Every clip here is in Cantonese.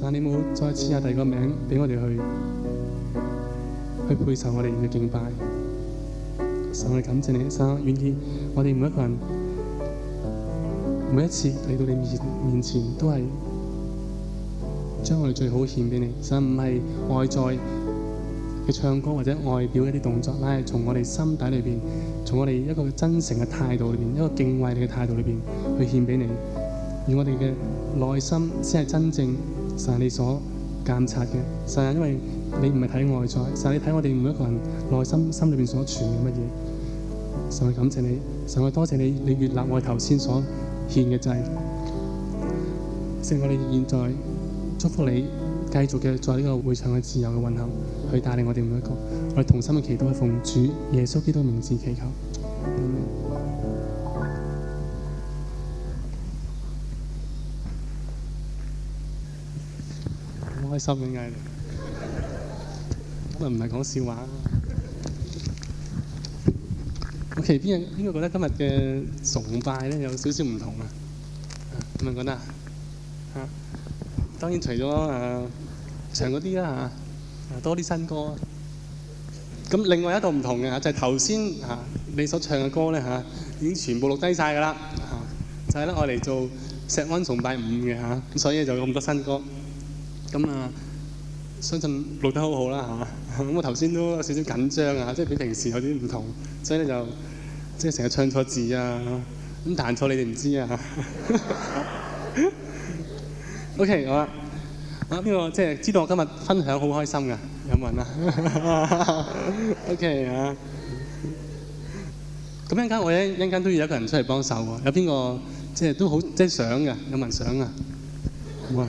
神，你冇再簽下第二個名俾我哋去去配受我哋嘅敬拜，以我哋感謝你一生，願意我哋每一個人每一次嚟到你面前，面前都係將我哋最好獻俾你。神，唔係外在嘅唱歌或者外表嘅一啲動作，而係從我哋心底裏面，從我哋一個真誠嘅態度裏面，一個敬畏嘅態度裏面，去獻俾你，而我哋嘅內心先係真正。神，你所監察嘅，神，因為你唔係睇外在，神，你睇我哋每一個人內心心裏邊所存嘅乜嘢。神感謝你，神多謝你，你悅納我頭先所獻嘅祭。神，我哋現在祝福你，繼續嘅在呢個會場嘅自由嘅運行，去帶領我哋每一個。我哋同心嘅祈禱，奉主耶穌基督嘅名字祈求。心嘅嗌嚟，咁啊唔係講笑話啦。咁其實邊個邊個覺得今日嘅崇拜咧有少少唔同啊？咁啊覺得啊？當然除咗誒唱嗰啲啦嚇，多啲新歌。咁另外一個唔同嘅嚇，就係頭先嚇你所唱嘅歌咧嚇，已經全部錄低曬㗎啦。就係咧，我嚟做石安崇拜五嘅嚇，咁所以就咁多新歌。咁啊，相信錄得好好啦嚇。咁、啊、我頭先都有少少緊張啊，即係比平時有啲唔同，所以咧就即係成日唱錯字啊，咁彈錯你哋唔知啊。 OK，好啊，啊邊個即係知道我今日分享好開心噶？有冇人啊 ？OK 啊，咁一陣間我一陣間都要有個人出嚟幫手喎。有邊個即係都好即係想嘅？有冇人想啊？好啊。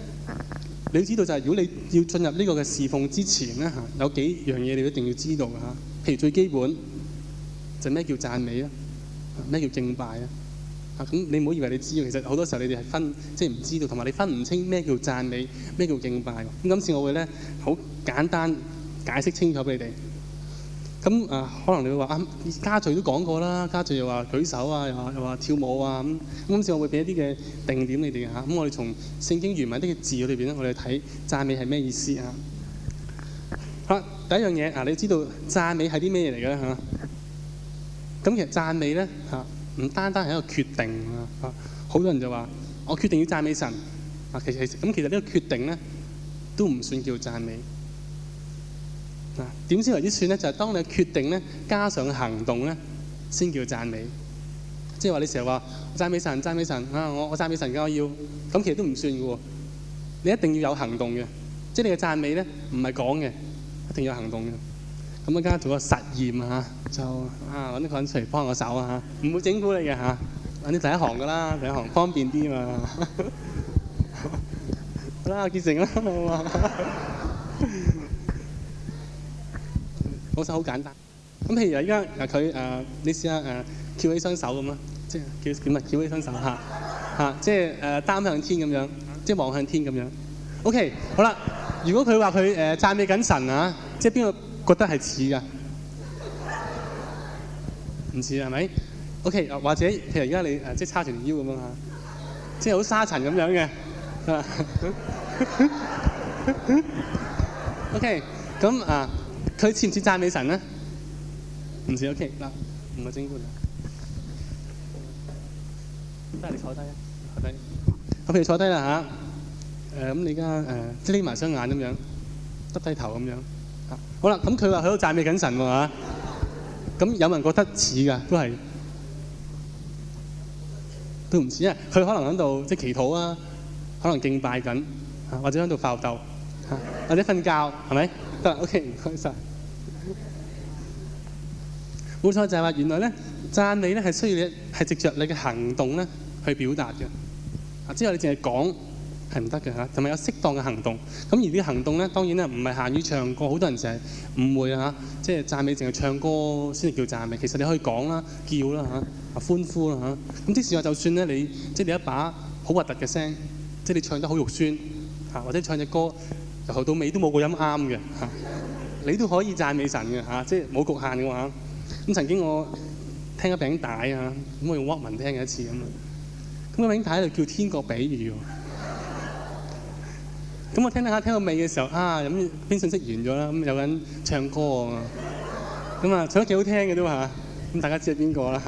你要知道就係，是，如果你要進入呢個嘅侍奉之前咧嚇，有幾樣嘢你一定要知道嚇。譬如最基本就咩，是，叫讚美啊，咩叫敬拜啊。啊，咁你唔好以為你知，其實好多時候你哋係分即係唔知道，同埋你分唔清咩叫讚美，咩叫敬拜。咁今次我會咧，好簡單解釋清楚畀你哋。咁啊，可能你會話啊，嘉俊都講過啦，嘉俊又話舉手啊，又話又話跳舞啊咁。咁時我會俾一啲嘅定點你哋嚇。咁、啊、我哋從聖經原文呢嘅字裏邊咧，我哋睇讚美係咩意思啊？嚇、啊，第一樣嘢啊，你知道讚美係啲咩嘢嚟嘅咧嚇？咁、啊、其實讚美咧嚇，唔、啊、單單係一個決定啊嚇。好多人就話我決定要讚美神啊，其實咁其實呢個決定咧都唔算叫讚美。嗱，點先為之算呢？就係、是、當你決定咧，加上行動咧，先叫讚美。即係話你成日話讚美神、讚美神啊！我我讚美神，我要咁，其實都唔算㗎喎。你一定要有行動嘅，即、就、係、是、你嘅讚美咧，唔係講嘅，一定要有行動嘅。咁啊，而家做個實驗啊，就啊揾啲同出嚟幫我手啊，唔會整蠱你嘅嚇。啲、啊、第一行㗎啦，第一行方便啲啊嘛。 好啦，完成啦，嗰手好簡單，咁譬如而家啊佢誒、啊，你試下誒，翹、啊、起雙手咁啦，即係叫翹乜？翹起雙手嚇嚇，即係誒，擔向天咁樣，即係、啊啊啊、望向天咁樣。OK，好啦，如果佢話佢誒讚美緊神啊，即係邊個覺得係似㗎？唔似係咪？OK，、啊、或者譬如而家你誒、啊，即係叉住條腰咁樣嚇、啊，即係好沙塵咁樣嘅，OK 咁啊。 okay, 佢似唔似讚美神啊？唔似。OK 嗱，唔係整蠱你，得嚟坐低啊！坐低，我哋坐低啦嚇。誒咁你而家誒即係眯埋雙眼咁樣，耷低頭咁樣。好啦，咁佢話佢都讚美緊神㗎嘛。咁有冇人覺得似㗎？都係都唔似，因為佢可能喺度即係祈禱啊，可能敬拜緊，或者喺度發吽哣，或者瞓覺係咪？得，OK，唔該曬。冇錯，就係、是、話原來咧讚美咧係需要你係藉着你嘅行動咧去表達嘅，啊，之、就、後、是、你淨係講係唔得嘅嚇，同埋、啊、有適當嘅行動。咁、啊、而啲行動咧，當然咧唔係限於唱歌，好多人成日誤會嚇，即、啊、係、就是、讚美淨係唱歌先叫讚美。其實你可以講啦、叫啦嚇、啊、歡呼啦嚇。咁即使話就算咧你即係、就是、你一把好核突嘅聲，即、就、係、是、你唱得好肉酸嚇、啊，或者唱隻歌由頭到尾都冇個音啱嘅嚇，你都可以讚美神嘅嚇，即係冇局限嘅話。啊。咁曾經我聽一餅帶啊，咁我用沃文聽一次啊嘛，咁、個餅帶喺度叫天國比喻，咁我聽聽下，聽到尾嘅時候啊，咁啲信息完咗啦，咁有人唱歌啊咁啊，唱得幾好聽嘅都嚇，咁大家知係邊個啦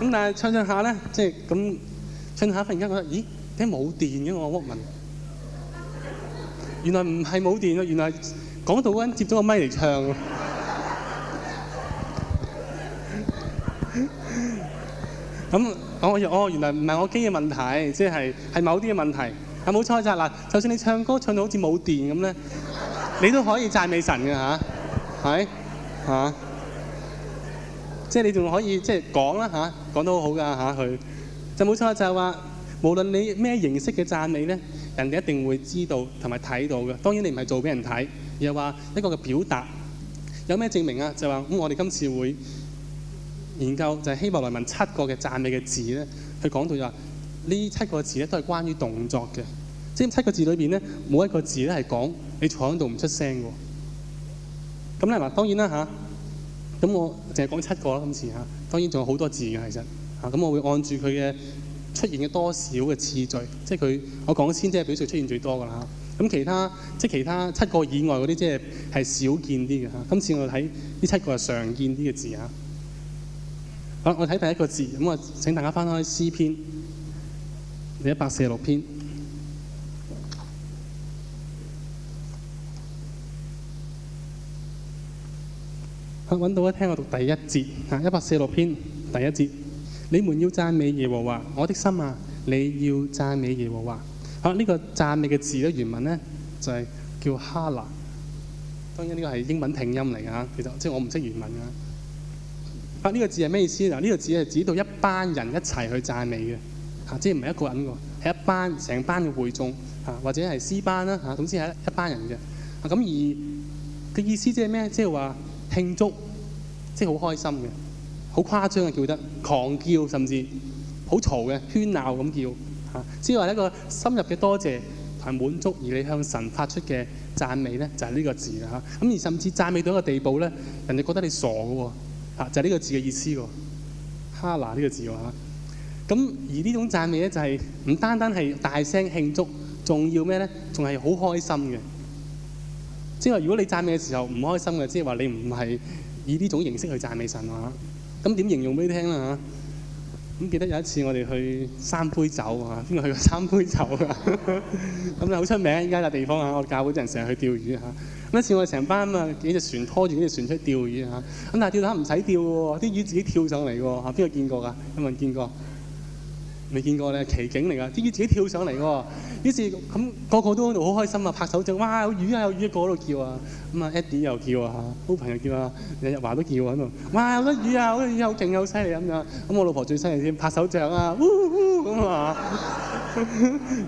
咁，但係唱唱下呢、即係、唱下咧，即係咁唱下忽然間覺得，咦，點冇電嘅我沃文？原來唔係冇電啊，原來講到嗰陣接咗個咪嚟唱。咁我哦，原來唔係我機嘅問題，即係係某啲嘅問題。係、啊、冇錯㗎嗱，就算你唱歌唱到好似冇電咁咧，你都可以讚美神嘅吓？係、啊、嚇，即係、啊就是、你仲可以即係、就是、講啦嚇、啊，講得好好㗎嚇佢。就冇錯就係話，無論你咩形式嘅讚美咧，人哋一定會知道同埋睇到嘅。當然你唔係做俾人睇，而係話一個嘅表達。有咩證明啊？就話咁，我哋今次會。研究就係希伯來文七個嘅讚美嘅字咧，佢講到就話呢七個字咧都係關於動作嘅，即係七個字裏邊咧冇一個字咧係講你坐喺度唔出聲㗎喎。咁咧嗱當然啦吓，咁我淨係講七個啦今次嚇，當然仲、啊、有好多字嘅其實嚇，咁、啊、我會按住佢嘅出現嘅多少嘅次序，即係佢我講先，即係表示出現最多㗎啦嚇。咁、啊、其他即係其他七個以外嗰啲即係係少見啲嘅嚇。今次我睇呢七個係常見啲嘅字嚇。我睇第一個字，咁我請大家翻開詩篇，第一百四十六篇。吓，揾到一聽我讀第一節，吓，一百四十六篇第一節，你們要讚美耶和華，我的心啊，你要讚美耶和華。吓，呢、這個讚美嘅字嘅原文呢，就係、是、叫哈蘭，當然呢個係英文拼音嚟啊，其實即係我唔識原文噶。呢、啊呢個字係咩意思呢？呢個字係指到一班人一齊去讚美嘅嚇，啊，即係唔係一個人喎，係一班成班嘅會眾嚇，啊，或者係詩班啦嚇，總之係一班人嘅。咁、啊、而嘅、呢個、意思即係咩？即係話慶祝，即係好開心嘅，好誇張嘅叫得狂叫，甚至好嘈嘅喧鬧咁叫嚇，啊。即係話一個深入嘅多謝同埋滿足，而你向神發出嘅讚美咧，就係、是、呢個字啦咁、啊啊、而甚至讚美到一個地步咧，人哋覺得你傻嘅喎。啊、就係、是、呢個字嘅意思喎，哈拉呢個字喎咁、啊、而呢種讚美咧，就係、是、唔單單係大聲慶祝，仲要咩咧？仲係好開心嘅。即係話，如果你讚美嘅時候唔開心嘅，即係話你唔係以呢種形式去讚美神喎嚇。咁、啊、點形容俾你聽呢？咁記得有一次我哋去三杯酒啊，邊個去過三杯酒啊？咁又好出名，依家笪地方啊，我教會啲人成日去釣魚嚇。一次我哋成班啊，幾隻船拖住幾隻船出釣魚嚇。咁但係釣到唔使釣喎，啲魚自己跳上嚟㗎喎嚇，邊個見過㗎？有冇人見過？未見過咧，奇景嚟㗎，啲魚自己跳上嚟㗎喎。於是咁個個都喺度好開心啊，拍手掌，哇！有魚啊，有魚過嗰度叫啊！咁啊，Eddie 又叫啊，O 朋友叫啊，日日話都叫喺度。哇，有得雨啊，嗰啲雨好勁，好犀利咁樣。咁我老婆最犀利添，拍手掌啊，呼呼咁啊。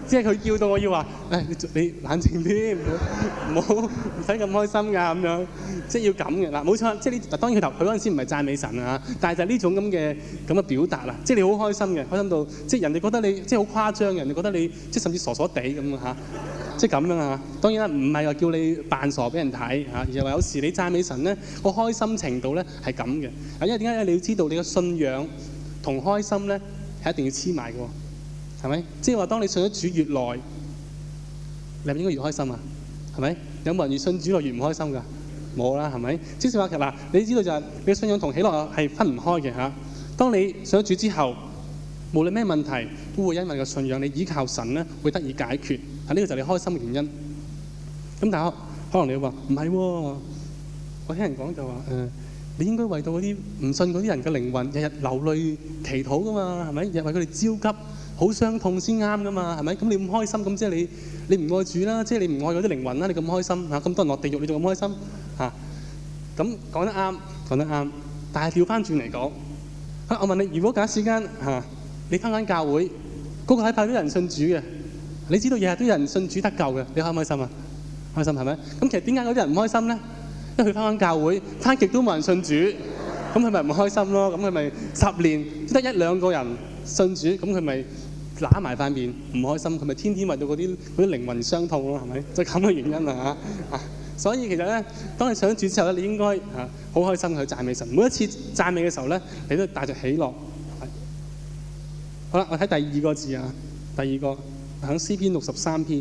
即係佢叫到我要話，誒你你冷靜啲，唔好唔使咁開心㗎咁樣。即係要咁嘅嗱，冇錯，即係呢嗱。當然佢頭佢嗰陣時唔係讚美神啊，但係就係呢種咁嘅咁嘅表達啦。即係你好開心嘅，開心到即係人哋覺得你即係好誇張，人哋覺得你即係甚至傻傻地咁啊嚇。即係咁樣啊！當然啦，唔係話叫你扮傻畀人睇吓，而係話有時你讚美神咧，個開心程度咧係咁嘅。啊，因為點解咧？你要知道，你嘅信仰同開心咧係一定要黐埋嘅，係咪？即係話，當你信咗主越耐，你係咪應該越開心啊？係咪？有冇人越信主越唔開心㗎？冇啦，係咪？即係話，其實嗱，你知道就係你嘅信仰同喜樂係分唔開嘅吓。當你信咗主之後，無論咩問題，都會因為你嘅信仰，你依靠神咧，會得以解決。啊，呢個就係你開心嘅原因。咁但係可能你會話唔係喎，我聽人講就話誒，你應該為到嗰啲唔信嗰啲人嘅靈魂，日日流淚祈禱噶嘛，係咪？日日為佢哋焦急，好傷痛先啱噶嘛，係咪？咁你咁開心，咁即係你你唔愛主啦，即係你唔愛嗰啲靈魂啦，你咁開心嚇咁多人落地獄，你仲咁開心嚇？咁講得啱，講得啱，但係調翻轉嚟講嚇，我問你，如果假設時間嚇？你翻翻教會，嗰個禮拜都有人信主嘅，你知道日日都有人信主得救嘅，你開唔開心啊？開心係咪？咁其實點解嗰啲人唔開心咧？因為佢翻翻教會，翻極都冇人信主，咁佢咪唔開心咯？咁佢咪十年都得一兩個人信主，咁佢咪揦埋塊面唔開心，佢咪天天為到嗰啲嗰啲靈魂傷痛咯？係咪？就係咁嘅原因啊！啊，所以其實咧，當你信主之後咧，你應該啊好開心去讚美神。每一次讚美嘅時候咧，你都帶著喜樂。好啦，我睇第二個字啊，第二個喺詩篇六十三篇，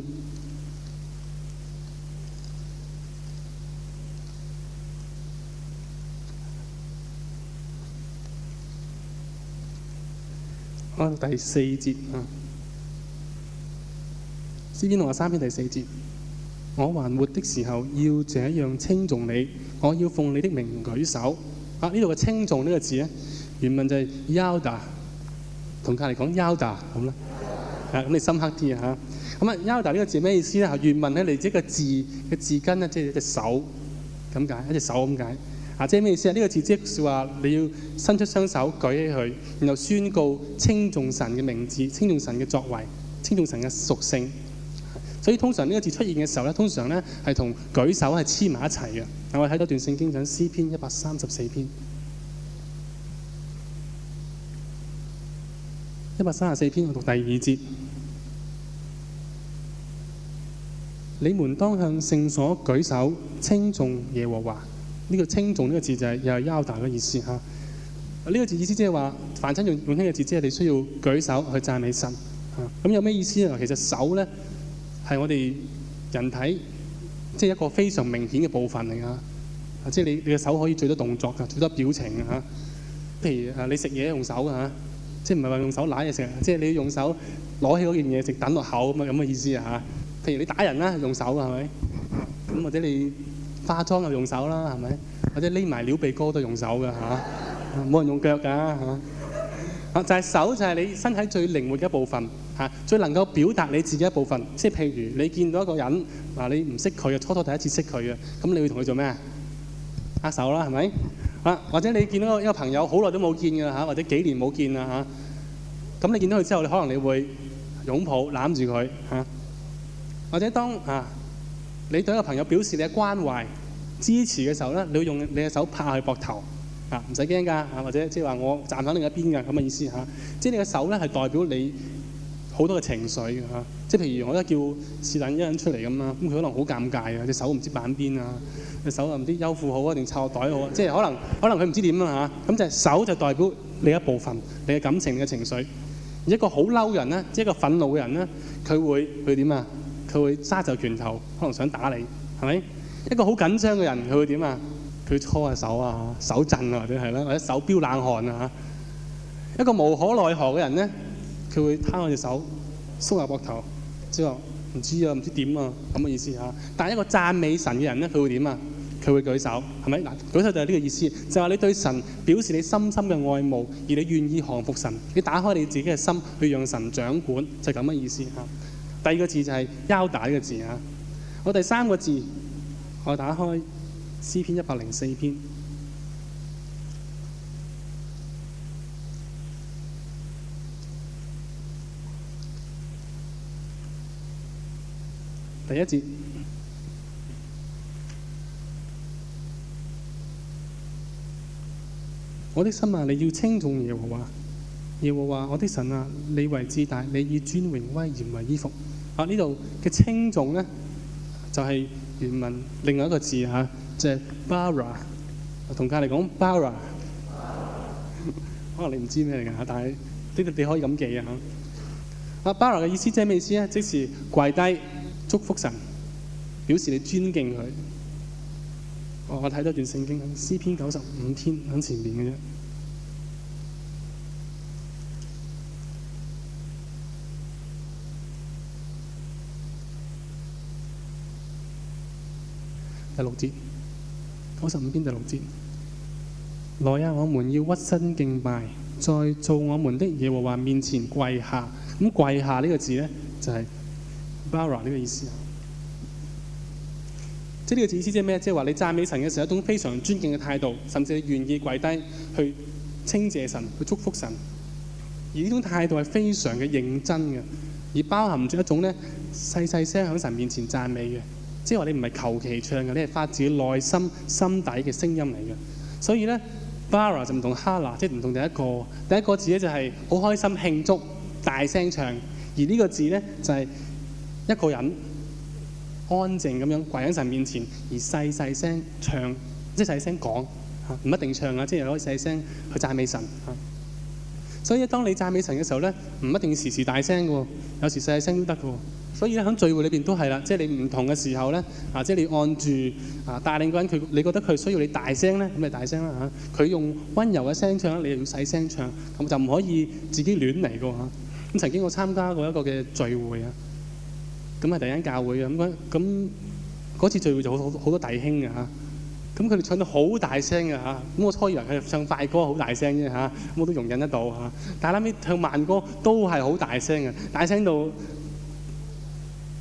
吧第四節啊，詩篇六十三篇第四節，我還活的時候要這樣稱頌你，我要奉你的名舉手。啊，呢度嘅稱頌呢個字呢，原文就係 yada。同佢嚟講吆大，咁啦， 啊咁你深刻啲啊嚇。咁啊吆大呢個字咩意思咧？原文咧嚟自一個字嘅字根咧，即係隻手咁解，一隻手咁解。啊，即係咩意思啊？呢個字即係話你要伸出雙手舉起佢，然後宣告稱重神嘅名字、稱重神嘅作為、稱重神嘅屬性。所以通常呢個字出現嘅時候咧，通常咧係同舉手係黐埋一齊嘅。我哋睇到段聖經講，詩篇一百三十四篇。一百三十四篇，我讀第二節。你們當向聖所舉手，稱重耶和華。呢、這個稱重」呢個字就係、是、又係腰 o 嘅意思吓。呢個字意思即係話，凡親用用呢個字，即係你需要舉手去讚美神。咁、啊、有咩意思啊？其實手咧係我哋人體即係、就是、一個非常明顯嘅部分嚟啊，即、啊、係、就是、你你嘅手可以做多動作嘅，做多表情啊。譬如吃東西啊，你食嘢用手啊。即係唔係話用手揦嘢食？即係你要用手攞起嗰件嘢食，等落口咁啊咁嘅意思啊嚇！譬如你打人啦，用手嘅係咪？咁或者你化妝又用手啦，係咪？或者匿埋撩鼻哥都用手嘅嚇，冇人用腳㗎係嘛？啊，就係手就係你身體最靈活嘅一部分嚇，最能夠表達你自己一部分。即係譬如你見到一個人嗱，你唔識佢啊，初初第一次識佢啊，咁你會同佢做咩？握手啦係咪？啊，或者你見到一個朋友好耐都冇見嘅啦，或者幾年冇見啦嚇，咁、啊、你見到佢之後，你可能你會擁抱攬住佢嚇，或者當啊你對一個朋友表示你嘅關懷支持嘅時候咧，你會用你嘅手拍佢膊頭啊，唔使驚㗎嚇，或者即係話我站喺另一邊嘅咁嘅意思嚇、啊，即係你嘅手咧係代表你。好多嘅情緒嚇，即係譬如我而家叫是但一個人出嚟咁啦，咁佢可能好尷尬啊，隻手唔知擺邊啊，隻手又唔知休褲好啊定插袋好啊，即係可能可能佢唔知點啊嚇，咁就手就代表你一部分，你嘅感情嘅情緒。一個好嬲人咧，即係一個憤怒嘅人咧，佢會佢點啊？佢會揸住拳頭，可能想打你，係咪？一個好緊張嘅人，佢會點啊？佢搓下手啊，手震啊或者係咧，或者手飆冷汗啊嚇。一個無可奈何嘅人咧，佢會攤我隻手，縮下膊頭，之後唔知啊，唔知點啊，咁嘅意思嚇。但係一個讚美神嘅人咧，佢會點啊？佢會舉手，係咪？嗱，舉手就係呢個意思，就係你對神表示你深深嘅愛慕，而你願意降服神，你打開你自己嘅心去讓神掌管，就係咁嘅意思嚇。第二個字就係腰帶嘅字嚇。我第三個字，我打開詩篇一百零四篇。第一節，我的心啊，你要稱頌耶和華，耶和華，我的神啊，你為至大，你以尊榮威嚴為衣服。啊，呢度嘅稱頌呢，就係、是、原文另外一個字吓、啊，就係、是、bara。同隔籬講 bara，可能你唔知咩嚟嘅吓，但係呢度你可以咁記啊吓。啊，bara 嘅意思即係咩意思咧？即是跪低。祝福神，表示你尊敬佢、哦。我睇到段聖經，詩篇九十五篇響前面。嘅啫。第六節，九十五篇第六節， 來啊！我們要屈身敬拜，在做我們的耶和華面前跪下。咁跪下呢個字呢，就係、是。Bara 呢個意思啊，即係呢個意思，即係咩？即係話你讚美神嘅時候，一種非常尊敬嘅態度，甚至你願意跪低去稱謝神、去祝福神。而呢種態度係非常嘅認真嘅，而包含住一種咧細細聲喺神面前讚美嘅，即係話你唔係求其唱嘅，你係發自己內心心底嘅聲音嚟嘅。所以咧，Bara 就唔同哈 a 即係唔同第一個第一個字咧，就係好開心慶祝大聲唱，而呢個字咧就係、是。一個人安靜咁樣跪喺神面前，而細細聲唱，即細聲講嚇，唔一定唱啊。即係可以細聲去讚美神。所以咧，當你讚美神嘅時候咧，唔一定要時時大聲嘅，有時細細聲都得嘅。所以咧，喺聚會裏邊都係啦，即係你唔同嘅時候咧啊，即係你按住啊帶領嗰人，佢你覺得佢需要你大聲咧，咁咪大聲啦嚇。佢用溫柔嘅聲唱，你要細聲唱，咁就唔可以自己亂嚟嘅喎嚇。咁曾經我參加過一個嘅聚會啊。咁係第一間教會啊！咁咁嗰次聚會就好好多弟兄嘅嚇，咁佢哋唱到好大聲嘅嚇，咁我初以人為佢哋唱快歌好大聲啫嚇，我都容忍得到嚇。但係後尾唱慢歌都係好大聲嘅，大聲到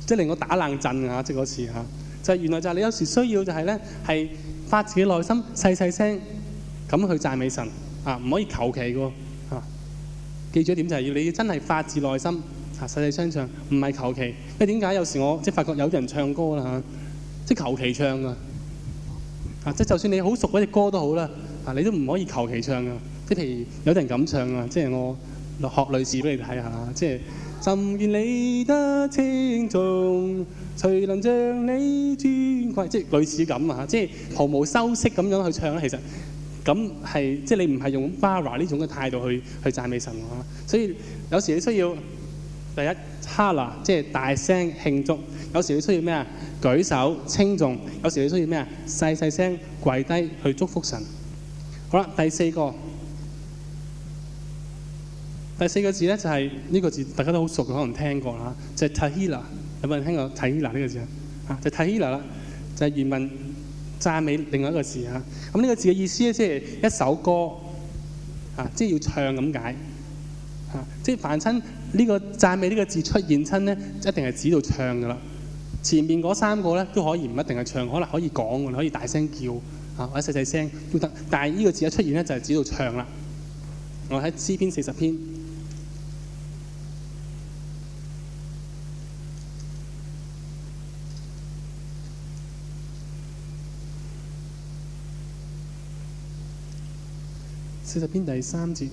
即係、就是、令我打冷震嘅即係嗰次嚇。就係、是、原來就係你有時需要就係、是、咧，係發自己內心細細聲，咁去讚美神啊，唔可以求其喎嚇。記住一點就係、是、要你真係發自內心。啊！細細聲唱，唔係求其，因為點解有時我即係發覺有人唱歌啦嚇，即係求其唱噶。啊！即係就算你好熟嗰隻歌都好啦，啊！你都唔可以求其唱噶。即係譬如有啲人咁唱啊，即係我學類似俾你睇下，即係朕願你得清重，誰能像你尊貴，即係類似咁啊！即係毫無修飾咁樣去唱啦。其實咁係即係你唔係用 b a r 呢種嘅態度去去讚美神啊，所以有時你需要。第一哈喇，即係大聲慶祝。有時你出現咩啊？舉手稱重；有時你出現咩啊？細細聲跪低去祝福神。好啦，第四個第四個字咧，就係呢個字大家都好熟，可能聽過啦，就係泰希拉有冇人聽過泰希拉呢個字啊？啊，就泰希拉啦，就係原文讚美另外一個字啊。咁呢個字嘅意思咧，即係一首歌啊，即係要唱咁解啊，即係凡親。呢、這個讚美呢個字出現親呢，一定係指到唱噶啦。前面嗰三個呢，都可以唔一定係唱，可能可以講，可能可以大聲叫啊，或者細細聲都得。但係呢個字一出現呢，就係指到唱啦。我喺詩篇四十篇，四十篇第三節，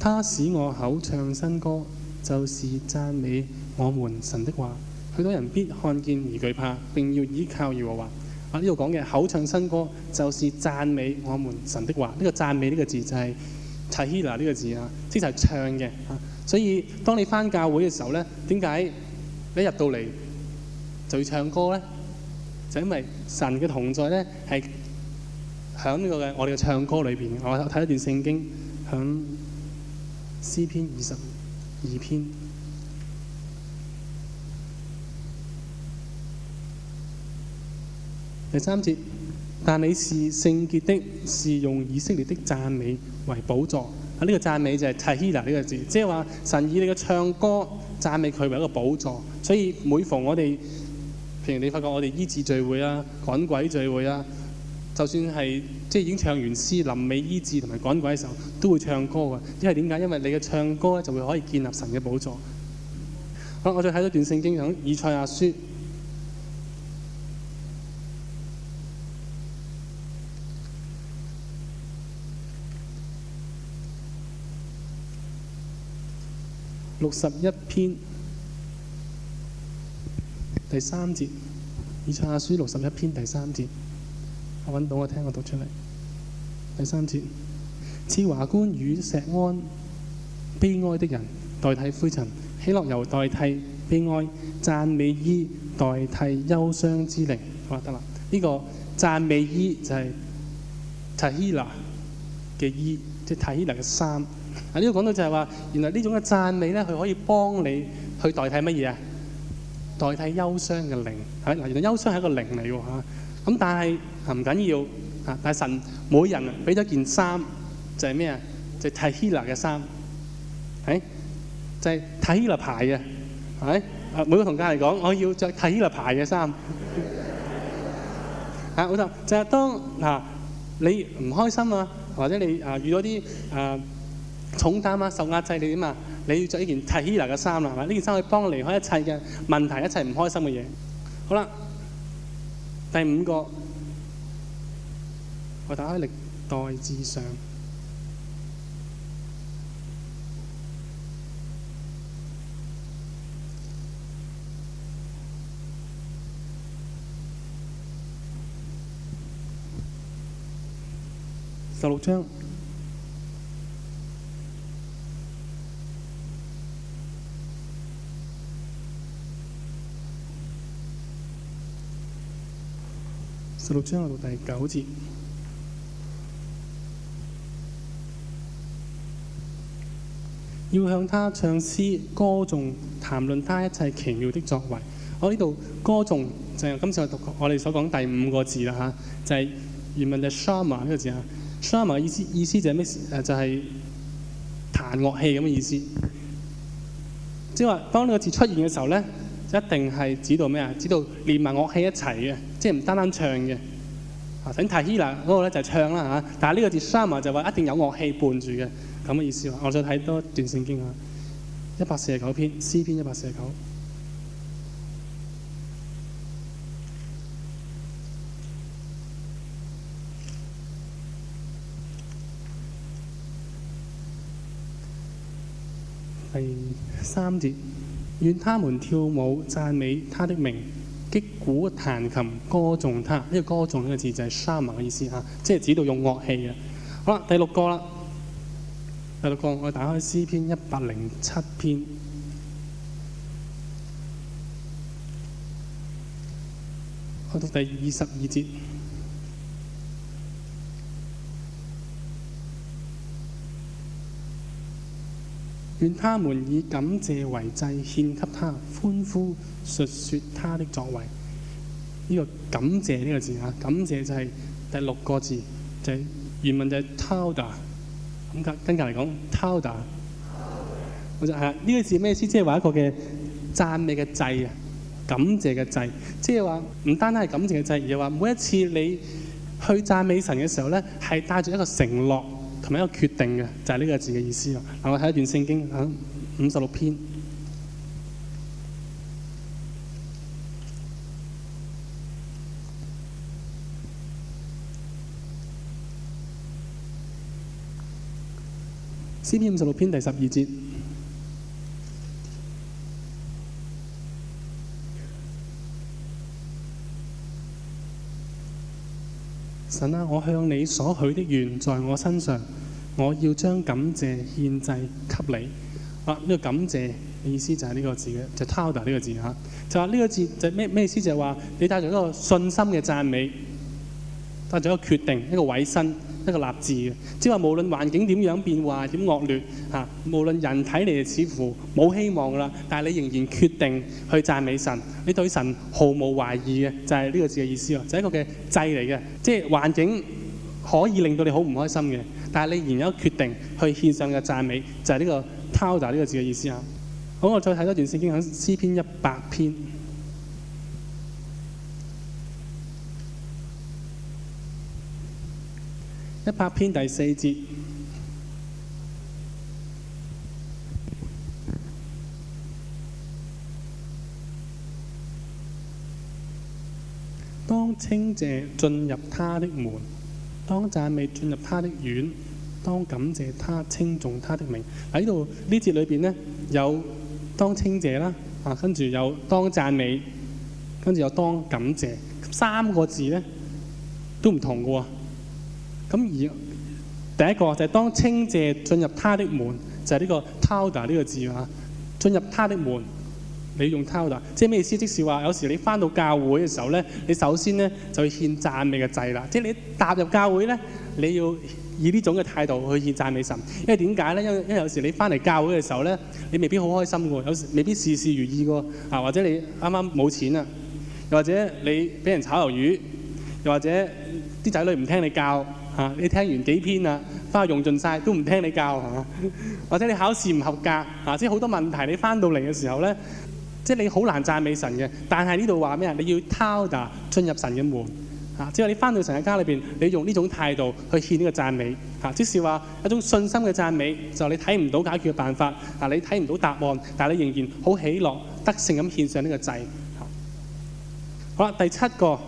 他使我口唱新歌。就是讚美我們神的話，許多人必看見而懼怕，並要依靠耶和華。啊，呢度講嘅口唱新歌，就是讚美我們神的話。呢、這個讚美呢個字就係 Tahira 呢個字啊，即係唱嘅。所以當你返教會嘅時候呢，點解一入到嚟就去唱歌呢？就因為神嘅同在呢，係響呢個嘅我哋嘅唱歌裏邊。我睇一段聖經響詩篇二十。二篇第三節，但你是聖潔的，是用以色列的讚美為寶座。啊，呢、這個讚美就係泰希拿呢個字，即係話神以你嘅唱歌讚美佢為一個寶座。所以每逢我哋平時你發覺我哋醫治聚會啊、趕鬼聚會啊。就算係即係已經唱完詩、臨尾醫治同埋趕鬼嘅時候，都會唱歌嘅。因為點解？因為你嘅唱歌就會可以建立神嘅寶座。好，我再睇到段聖經講，響以賽亞書六十一篇第三節。以賽亞書六十一篇第三節。揾到我，聽我讀出嚟。第三節，賜華冠與錫安，悲哀的人代替灰塵，喜樂油代替悲哀，讚美衣代替憂傷之靈。好啦，得啦。呢個讚美衣就係泰希娜嘅衣，即係泰希娜嘅衫。啊，呢個講到就係話，原來呢種嘅讚美咧，佢可以幫你去代替乜嘢？代替憂傷嘅靈。係嗱，原來憂傷係一個靈嚟㗎喎。咁但係。唔緊要嚇，但係神每人俾咗件衫，就係咩啊？就係泰希拉嘅衫，係就係泰希拉牌嘅，係每個同教嚟講，我要著泰希拉牌嘅衫。嚇，好就就係當嗱，你唔開心啊，或者你啊遇到啲誒重擔啊、受壓制你吖嘛，你要著呢件泰希拉嘅衫啦，係咪？呢件衫可以幫我離開一切嘅問題、一切唔開心嘅嘢。好啦，第五個。我打開歷代志上十六章，十六章到第九節。要向他唱詩歌頌，談論他一切奇妙的作為。我呢度歌頌就係、是、今次我讀我哋所講第五個字啦嚇、啊，就係、是、原文就 sharma 呢個字啊。sharma 意思意思就係咩事？誒就係、是、彈樂器咁嘅意思。即係話當呢個字出現嘅時候咧，就一定係指到咩啊？指到連埋樂器一齊嘅，即係唔單單唱嘅。啊，等太希拉嗰個咧就係、是、唱啦嚇、啊，但係呢個字 sharma 就話一定有樂器伴住嘅。噉嘅意思嘛？我想睇多一段聖經啊，一百四十九篇詩篇一百四十九，第三節，願他們跳舞讚美他的名，擊鼓彈琴歌頌他。呢個歌頌呢個字就係沙文嘅意思啊，即係指到用樂器嘅。好啦，第六個啦。第六個，我打開詩篇一百零七篇，我讀第二十二節。願他們以感謝為祭獻給他，歡呼述説他的作為。呢、這個感謝呢個字啊，感謝就係第六個字，就係、是、原文就係 Todah。咁格今日嚟講 t a d e 我就係呢個字咩意思？即係話一個嘅讚美嘅祭啊，感謝嘅祭。即係話唔單單係感謝嘅祭，而係話每一次你去讚美神嘅時候咧，係帶住一個承諾同埋一個決定嘅，就係、是、呢個字嘅意思啊！嗱，我睇一段聖經啊，五十六篇。詩篇五十六篇第十二節：神啊，我向你所許的願在我身上，我要將感謝獻祭給你。啊，呢、這個感謝嘅意思就係呢個字嘅，就是、todah 呢個字啊。就話呢個字就咩、是、咩意思？就係、是、話你帶住一個信心嘅讚美，帶住一個決定，一個委身。一個立志嘅，即係話無論環境點樣變化，點惡劣吓，無論人睇嚟，似乎冇希望啦，但係你仍然決定去讚美神，你對神毫無懷疑嘅，就係呢個字嘅意思咯，就係一個嘅掣嚟嘅，即係環境可以令到你好唔開心嘅，但係你仍然有決定去獻上嘅讚美，就係呢個 todah 呢個字嘅意思啊。好，我再睇多段聖經喺詩篇一百篇。一百篇第四節，當稱謝進入他的門，當讚美進入他的院，當感謝他稱頌他的名。喺度呢節裏邊呢，有當稱謝啦、啊，跟住有當讚美，跟住有當感謝，三個字呢，都唔同嘅喎、啊。咁而第一個就係、是、當稱謝進入他的門，就係、是、呢個 toda 呢個字啊。進入他的門，你用 toda 即係咩意思？即是話有時你返到教會嘅時候咧，你首先咧就要獻讚美嘅祭啦。即係你踏入教會咧，你要以呢種嘅態度去獻讚美神。因為點解咧？因因為有時你返嚟教會嘅時候咧，你未必好開心嘅喎，有時未必事事如意嘅喎。啊，或者你啱啱冇錢啊，又或者你俾人炒魷魚，又或者啲仔女唔聽你教。啊！你聽完幾篇啦，翻去用盡晒都唔聽你教，係或者你考試唔合格，啊！即係好多問題，你翻到嚟嘅時候咧，即係你好難讚美神嘅。但係呢度話咩啊？你要偷搭進入神嘅門，啊！即係你翻到神嘅家裏邊，你用呢種態度去獻呢個讚美，嚇！即是話一種信心嘅讚美，就是、你睇唔到解決嘅辦法，啊！你睇唔到答案，但係你仍然好喜樂、得勝咁獻上呢個祭。好啦，第七個。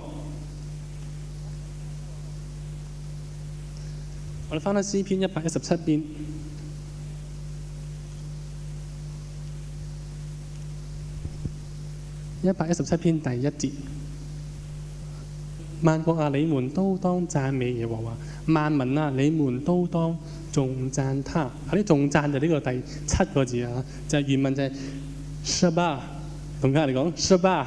我哋翻到詩篇一百一十七篇，一百一十七篇第一節，萬國啊，你們都當讚美耶和華；萬民啊，你們都當頌讚他。喺啲頌讚就呢個第七個字啊，就係原文就係 shaba，同家嚟講 shaba。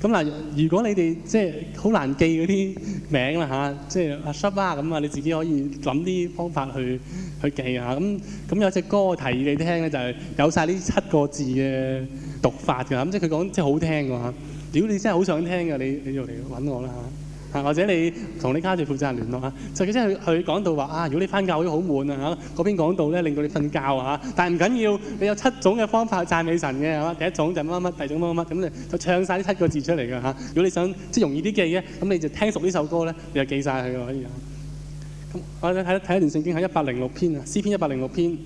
咁嗱，如果你哋即係好難記嗰啲名啦嚇，即係阿叔啊咁啊，你自己可以諗啲方法去去記啊咁。咁有隻歌提議你聽咧，就係、是、有晒呢七個字嘅讀法㗎，咁即係佢講即係好聽㗎嚇、啊。如果你真係好想聽嘅，你你就嚟揾我啦嚇。或者你同你家姐負責人聯絡啊，就佢即係佢講到話啊，如果你翻教會好悶啊嚇，嗰邊講到咧令到你瞓覺啊嚇，但係唔緊要，你有七種嘅方法讚美神嘅嚇、啊，第一種就乜乜，乜，第二種乜乜，乜，咁你就唱晒呢七個字出嚟㗎嚇。如果你想即係容易啲記咧，咁你就聽熟呢首歌咧，你就記晒佢可以嚇。咁、啊、我哋睇睇一段聖經喺一百零六篇啊，詩篇一百零六篇。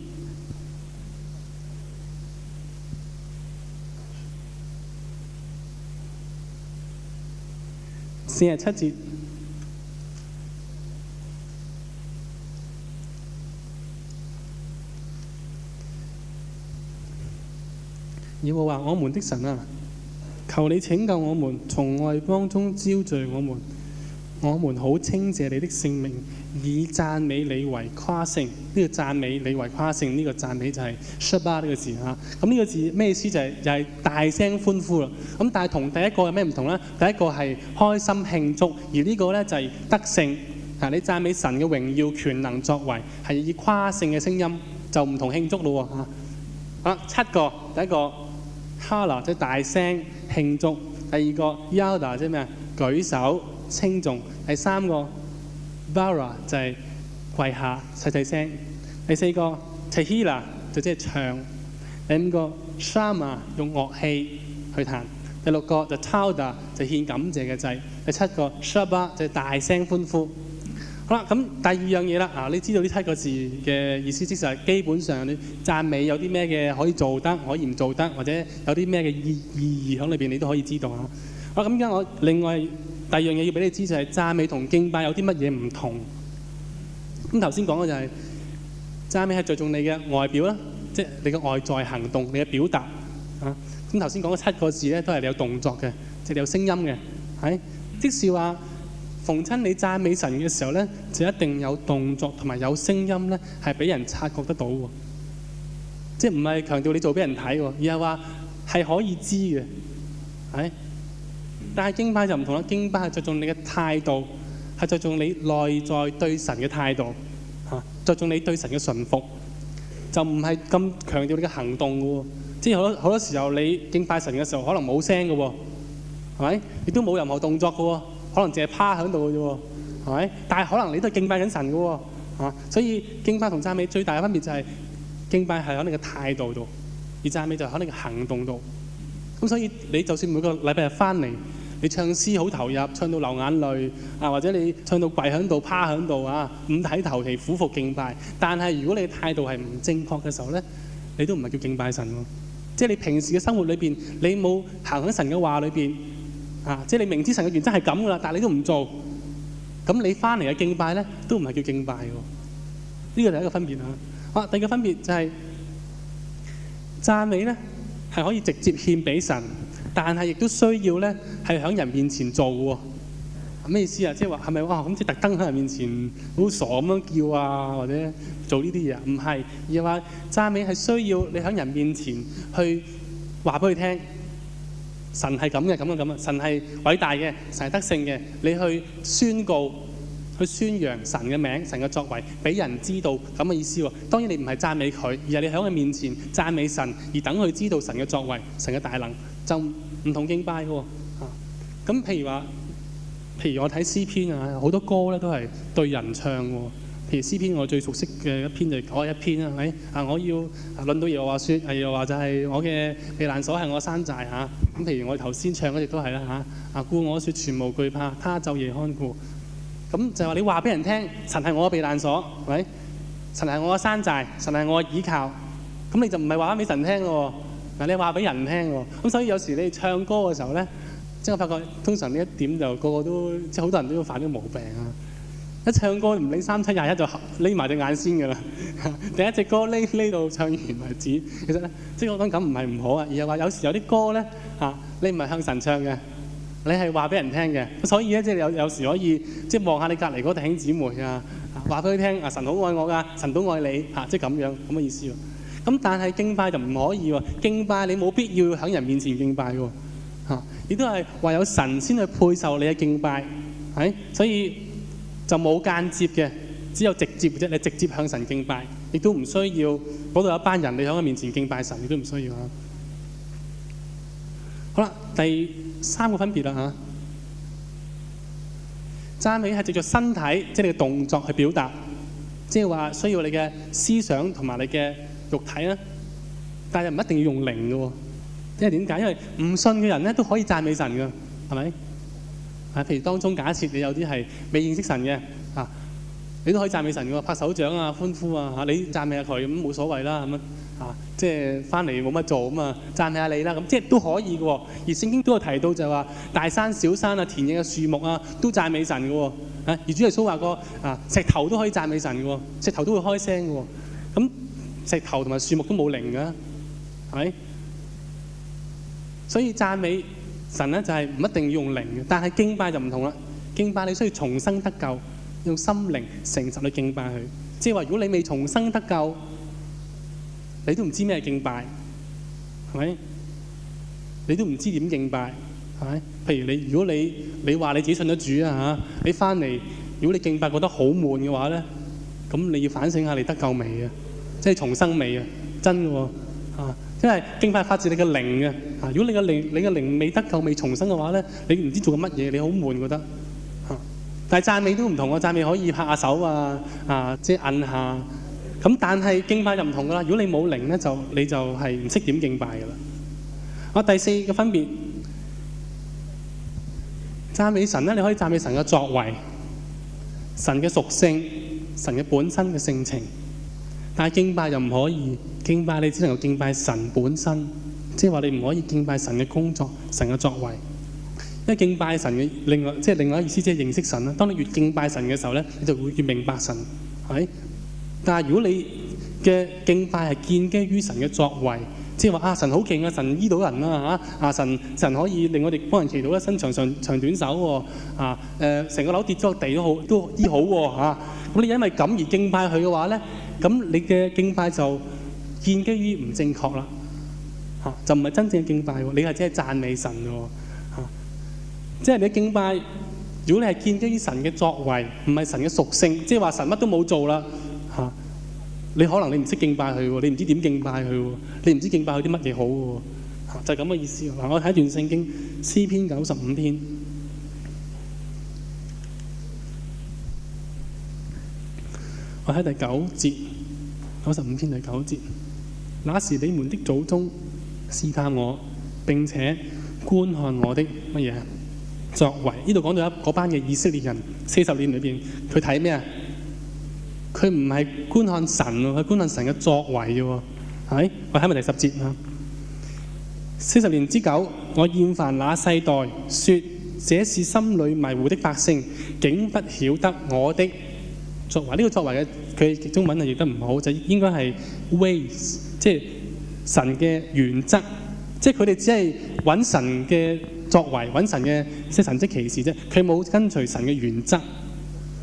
四十七節，耶和華我們的神啊，求你拯救我們，從外邦中招聚我們，我們好稱謝你的聖名。以讚美你為誇勝，呢、這個讚美你為誇勝，呢、這個讚美就係 shabach 呢個字嚇，咁、這、呢個字咩意思？就係又係大聲歡呼啦。咁但係同第一個有咩唔同咧？第一個係開心慶祝，而個呢個咧就係得勝。啊，你讚美神嘅榮耀、權能作為，係以誇勝嘅聲音，就唔同慶祝咯嚇。啊，七個，第一個 hala 即係大聲慶祝，第二個 yada 即係咩啊？舉手稱頌；第三個。Barak 就係跪下細細聲，第四個 Tehillah、ah、就即係唱，第五個 Shama 用樂器去彈，第六個 Todah、ah、就獻感謝嘅祭。第七個 Shaba 就大聲歡呼。好啦，咁第二樣嘢啦啊，你知道呢七個字嘅意思，即係基本上你讚美有啲咩嘅可以做得，可以唔做得，或者有啲咩嘅意意義喺裏邊，你都可以知道啊。啊，咁而家我另外。第二樣嘢要俾你知就係讚美同敬拜有啲乜嘢唔同。咁頭先講嘅就係讚美係着重你嘅外表啦，即係你嘅外在行動、你嘅表達。嚇，咁頭先講嘅七個字咧，都係你有動作嘅，即係你有聲音嘅。係，即係話逢親你讚美神嘅時候咧，就一定有動作同埋有聲音咧，係俾人察覺得到喎。即係唔係強調你做俾人睇喎，而係話係可以知嘅。係。但係敬拜就唔同啦，敬拜係着重你嘅態度，係着重你內在對神嘅態度，嚇，着重你對神嘅順服，就唔係咁強調你嘅行動嘅喎。即係好多好多時候，你敬拜神嘅時候可能冇聲嘅喎，係咪？亦都冇任何動作嘅喎，可能淨係趴喺度嘅啫，係咪？但係可能你都係敬拜緊神嘅喎，嚇。所以敬拜同讚美最大嘅分別就係敬拜係喺你嘅態度度，而讚美就喺你嘅行動度。咁所以你就算每個禮拜日翻嚟，你唱詩好投入，唱到流眼淚啊，或者你唱到跪喺度、趴喺度啊，五體投地、俯伏敬拜。但係如果你的態度係唔正確嘅時候咧，你都唔係叫敬拜神。即係你平時嘅生活裏邊，你冇行喺神嘅話裏邊啊。即係你明知神嘅原則係咁噶啦，但係你都唔做，咁你翻嚟嘅敬拜咧，都唔係叫敬拜。呢個第一個分別啊。啊，第二個分別就係讚美咧，係可以直接獻俾神。但係亦都需要咧，係喺人面前做喎、哦。咩意思啊？即係話係咪哇？好似特登喺人面前好傻咁樣叫啊，或者做呢啲嘢？唔係，而係話讚美係需要你喺人面前去話俾佢聽，神係咁嘅，咁啊咁啊，神係偉大嘅，神係得勝嘅。你去宣告、去宣揚神嘅名、神嘅作為，俾人知道咁嘅意思喎、哦。當然你唔係讚美佢，而係你喺佢面前讚美神，而等佢知道神嘅作為、神嘅大能就。唔同敬拜嘅喎，嚇、啊，咁譬如話，譬如我睇詩篇啊，好多歌咧都係對人唱嘅。譬如詩篇我最熟悉嘅一篇就嗰、是、一篇啊，係、哎、咪？啊，我要，啊，論到耶和華說，係耶和華就係我嘅避難所，係我山寨嚇。咁譬如我頭先唱嗰隻都係啦嚇。啊，顧我說全無懼怕，他晝夜看顧。咁就係話你話俾人聽，神係我嘅避難所，係、哎、咪？神係我嘅山寨，神係我嘅倚靠。咁你就唔係話俾神聽咯。嗱你話俾人聽喎，咁所以有時你唱歌嘅時候咧，即係我發覺通常呢一點就個個都即係好多人都要犯啲毛病啊！一唱歌唔理三七廿一就匿埋隻眼先㗎啦。 第一隻歌匿匿到唱完咪止，其實咧即係我講咁唔係唔好啊，而係話有時有啲歌咧嚇你唔係向神唱嘅，你係話俾人聽嘅，所以咧即係有有時可以即係望下你隔離嗰弟兄姊妹啊，話俾佢聽啊，啊神好愛我㗎，神都愛你嚇、啊，即係咁樣咁嘅意思、啊。咁但係敬拜就唔可以喎，敬拜你冇必要喺人面前敬拜喎，嚇、啊，亦都係話有神先去配受你嘅敬拜，係，所以就冇間接嘅，只有直接嘅啫。你直接向神敬拜，亦都唔需要嗰度有一班人你喺我面前敬拜神，亦都唔需要啊。好啦，第三個分別啦嚇，讚美係藉住身體，即係你嘅動作去表達，即係話需要你嘅思想同埋你嘅肉體咧，但係又唔一定要用靈嘅，哦，即係點解？因為唔信嘅人咧都可以讚美神嘅，係咪？啊，譬如當中假設你有啲係未認識神嘅啊，你都可以讚美神嘅，拍手掌啊，歡呼啊嚇，你讚美下佢咁冇所謂啦咁啊，啊，即係翻嚟冇乜做啊嘛，讚下你啦咁，即係都可以嘅喎，哦。而聖經都有提到就話，大山、小山啊、田野嘅樹木啊，都讚美神嘅喎，哦，啊。而主耶穌話過啊，石頭都可以讚美神嘅喎，哦，石頭都會開聲嘅喎咁。嗯石頭同埋樹木都冇靈嘅，係咪？所以讚美神咧，就係唔一定要用靈嘅。但係敬拜就唔同啦。敬拜你需要重生得救，用心靈誠實去敬拜佢。即係話，如果你未重生得救，你都唔知咩係敬拜，係咪？你都唔知點敬拜，係咪？譬如你，如果你你話你自己信咗主啊吓，你翻嚟如果你敬拜覺得好悶嘅話咧，咁你要反省下，你得救未啊？即係重生未、哦、啊，真嘅喎啊！即係敬拜係發自你嘅靈啊。如果你嘅靈你嘅靈未得救、未重生嘅話咧，你唔知做緊乜嘢，你好悶覺得悶、啊、但係讚美都唔同啊，讚美可以拍下手啊啊，即係摁下。咁、啊、但係敬拜就唔同噶啦。如果你冇靈咧，就你就係唔識點敬拜噶啦。啊，第四個分別，讚美神咧，你可以讚美神嘅作為、神嘅屬性、神嘅本身嘅性情。但係敬拜又唔可以，敬拜你只能夠敬拜神本身，即係話你唔可以敬拜神嘅工作、神嘅作為。因為敬拜神嘅另外，即係另外一個意思，即係認識神啦。當你越敬拜神嘅時候咧，你就會越明白神，係。但係如果你嘅敬拜係建基於神嘅作為，即係話啊，神好勁啊，神醫到人啦、啊、嚇，啊神神可以令我哋幫人祈禱一身長長長短手喎、啊，啊誒，成、呃、個樓跌咗落地都好都醫好喎、啊、咁你因為咁而敬拜佢嘅話咧？咁你嘅敬拜就建基於唔正確啦，嚇就唔係真正嘅敬拜喎。你係只係讚美神嘅喎，嚇即係你嘅敬拜。如果你係建基於神嘅作為，唔係神嘅屬性，即係話神乜都冇做啦，嚇你可能你唔識敬拜佢，你唔知點敬拜佢，你唔知敬拜佢啲乜嘢好，嚇就係咁嘅意思。嗱，我睇一段聖經詩篇九十五篇。我喺第九節，九十五篇第九節，那時你們的祖宗試探我，並且觀看我的乜嘢作為。呢度講到一嗰班嘅以色列人四十年裏邊，佢睇咩啊？佢唔係觀看神喎，佢觀看神嘅作為啫喎。係，我睇埋第十節啊。四十年之久，我厭煩那世代，說這是心裏迷糊的百姓，竟不曉得我的作為呢、呢個作為嘅佢中文係，譯得唔好，就應該係 ways，即係神嘅原則，即係佢哋只係揾神嘅作為，揾神嘅即係神蹟奇事啫，佢冇跟隨神嘅原則，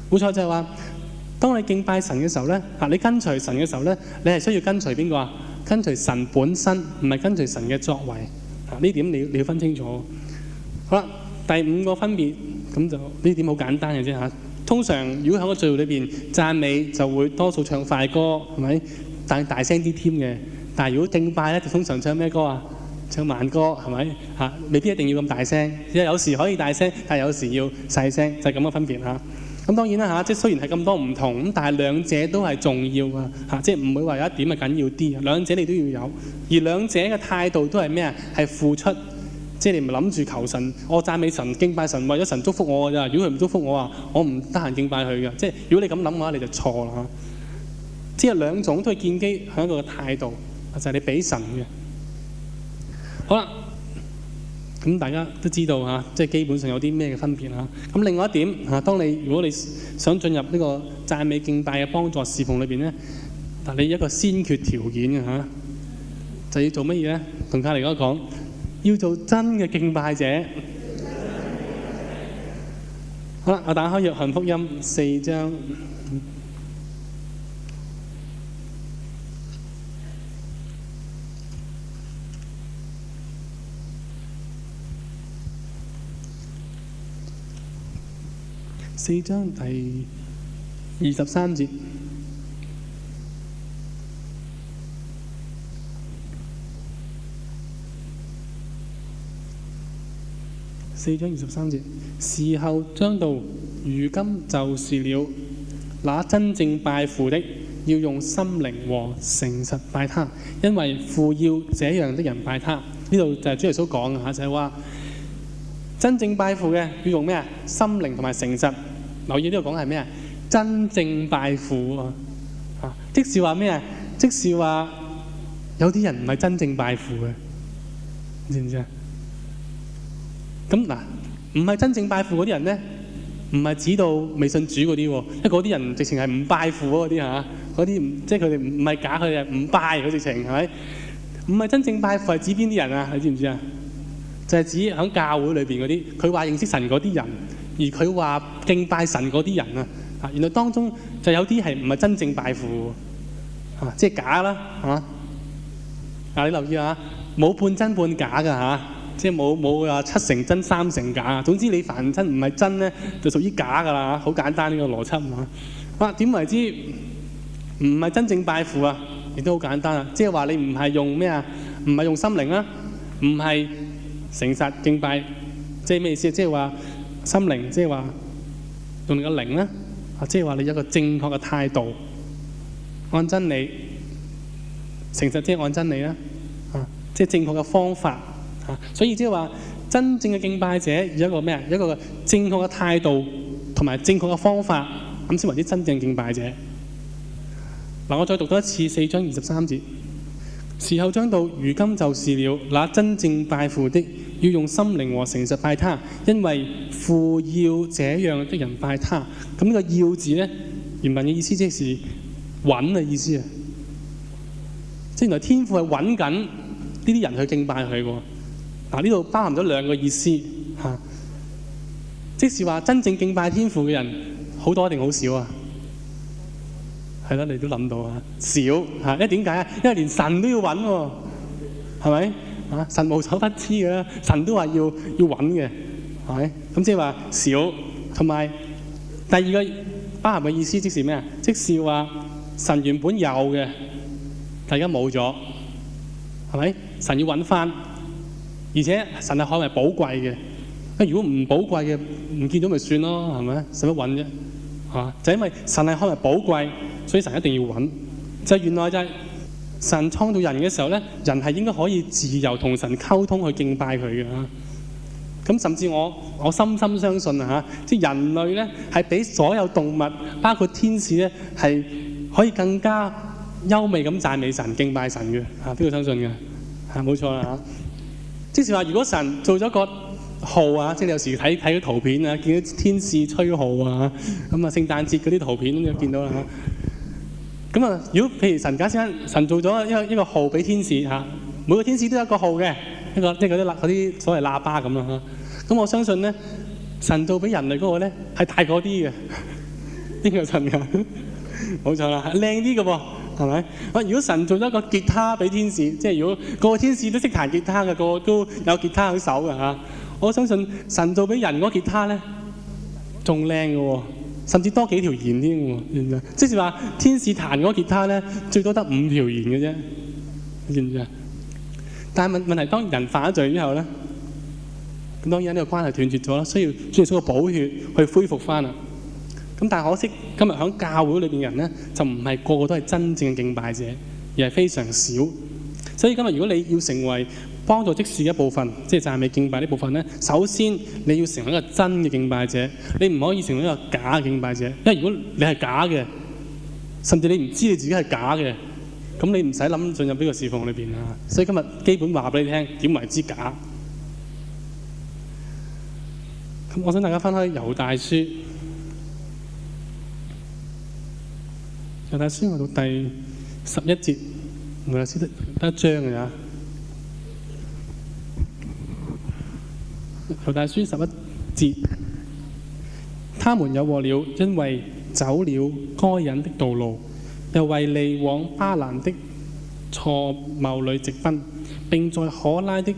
冇錯就係、是、話，當你敬拜神嘅時候咧，嚇你跟隨神嘅時候咧，你係需要跟隨邊個啊？跟隨神本身，唔係跟隨神嘅作為，嚇呢點你要你要分清楚。好啦，第五個分別，咁就呢點好簡單嘅啫嚇。通常如果喺個聚會裏邊讚美就會多數唱快歌，係咪？但係大聲啲添嘅。但係如果敬拜咧，就通常唱咩歌啊？唱慢歌係咪？嚇，未必一定要咁大聲，因為有時可以大聲，但係有時要細聲，就係咁嘅分別嚇。咁、啊、當然啦嚇，即、啊、係雖然係咁多唔同咁，但係兩者都係重要啊。嚇，即係唔會話有一點係緊要啲，兩者你都要有。而兩者嘅態度都係咩啊？係付出。即係你唔諗住求神，我讚美神、敬拜神，為咗神祝福我咋。如果佢唔祝福我啊，我唔得閒敬拜佢嘅。即係如果你咁諗嘅話，你就錯啦。即係兩種都係見機，響一個態度，就係、是、你俾神嘅。好啦，咁大家都知道吓，即係基本上有啲咩嘅分別吓。咁另外一點吓，當你如果你想進入呢個讚美敬拜嘅幫助侍奉裏邊咧，但你有一個先決條件嘅吓，就要做乜嘢咧？同卡尼哥講。要做真嘅敬拜者。好啦，我打開《約翰福音》四章，四章第二十三節。四章二十三節，事後將到如今就是了。那真正拜父的，要用心靈和誠實拜他，因為父要這樣的人拜他。呢度就係主耶穌所講嘅，就係話真正拜父嘅要用咩啊？心靈同埋誠實。留意呢度講係咩啊？真正拜父啊！啊，即是話咩啊？即是話有啲人唔係真正拜父嘅，你知唔知啊？咁嗱，唔係真正拜父嗰啲人咧，唔係指到微信主嗰啲喎，因為嗰啲人直情係唔拜父嗰啲嚇。嗰啲即係佢哋唔係假，佢哋唔拜佢直情，係咪？唔係真正拜父係指邊啲人啊？你知唔知啊？就係指喺教會裏面嗰啲，佢話認識神嗰啲人，而佢話敬拜神嗰啲人啊，原來當中就有啲係唔係真正拜父啊，即係假啦嚇。嗱，你留意下，冇半真半假噶嚇。即係冇冇話七成真三成假。總之你凡親唔係真咧，就屬於假㗎啦。好簡單呢個邏輯嘛。哇、啊，點為之唔係真正拜父啊？亦都好簡單啊。即係話你唔係用咩啊？唔係用心靈啦、啊，唔係誠實敬拜。即係咩意思？即係話心靈，即係話用個靈啦。啊，即係話你一個正確嘅態度，按真理誠實，即係按真理啦、啊。啊，即係正確嘅方法。所以即係話，真正嘅敬拜者有一個咩啊？有一個正確嘅態度同埋正確嘅方法咁先為之真正敬拜者。嗱，我再讀多一次四章二十三節。時候將到，如今就是了。那真正拜父的，要用心靈和誠實拜他，因為父要這樣的人拜他。咁呢個要字咧，原文嘅意思即、就是揾嘅意思啊。即係原來天父係揾緊呢啲人去敬拜佢喎。嗱，呢度包含咗兩個意思嚇，即是話真正敬拜天父嘅人好多一定好少啊？係啦，你都諗到啊，少嚇。因為點解啊？因為連神都要揾喎，係咪啊？神無所不知嘅，神都話要要揾嘅，係咪？咁即係話少，同埋第二個包含嘅意思即是咩啊？即是話神原本有嘅，但而家冇咗，係咪？神要揾翻。而且神係可能係寶貴嘅，如果唔寶貴嘅唔見到咪算咯，係咪使乜揾啫嚇？啊、就因為神係可能係寶貴，所以神一定要揾。就原來就係神創造人嘅時候咧，人係應該可以自由同神溝通，去敬拜佢嘅嚇。咁甚至我我深深相信啊嚇，即係人類咧係比所有動物，包括天使咧係可以更加優美咁讚美神、敬拜神嘅嚇。邊、啊、個相信嘅嚇？冇、啊、錯啦嚇。啊即是話，如果神做咗個號啊，即係有時睇睇啲圖片啊，見到天使吹號啊，咁啊聖誕節嗰啲圖片都見到啦。咁啊，如果譬如神家先，神做咗一個一個號俾天使嚇，每個天使都有一個號嘅，一個即係嗰啲啲所謂喇叭咁啦嚇。咁我相信咧，神做俾人類嗰個咧係大過啲嘅，邊個神噶？冇 錯啦，靚啲嘅喎。係咪？我如果神做咗個吉他俾天使，即係如果個個天使都識彈吉他嘅，個個都有吉他喺手嘅吓。我相信神做俾人嗰個吉他咧，仲靚嘅，甚至多幾條弦添。知唔知啊？即係話天使彈嗰個吉他咧，最多得五條弦嘅啫。你知唔知啊？但係問問題，當人犯咗罪之後咧，咁當然呢個關係斷絕咗啦，需要需要通過補血去恢復翻啦。咁但係可惜，今日喺教會裏邊嘅人咧，就唔係個個都係真正嘅敬拜者，而係非常少。所以今日如果你要成為幫助職事嘅一部分，即係讚美敬拜呢部分咧，首先你要成為一個真嘅敬拜者，你唔可以成為一個假嘅敬拜者，因為如果你係假嘅，甚至你唔知你自己係假嘅，咁你唔使諗進入呢個侍奉裏邊啦。所以今日基本話俾你聽，點為之假？咁我想大家翻開《猶大書》。猶大書到第十一節，猶大書得得一章嘅咋，猶大書十一節，他們有禍了，因為走了該隱的道路，又為利往巴蘭的錯謬裏直奔，並在可拉的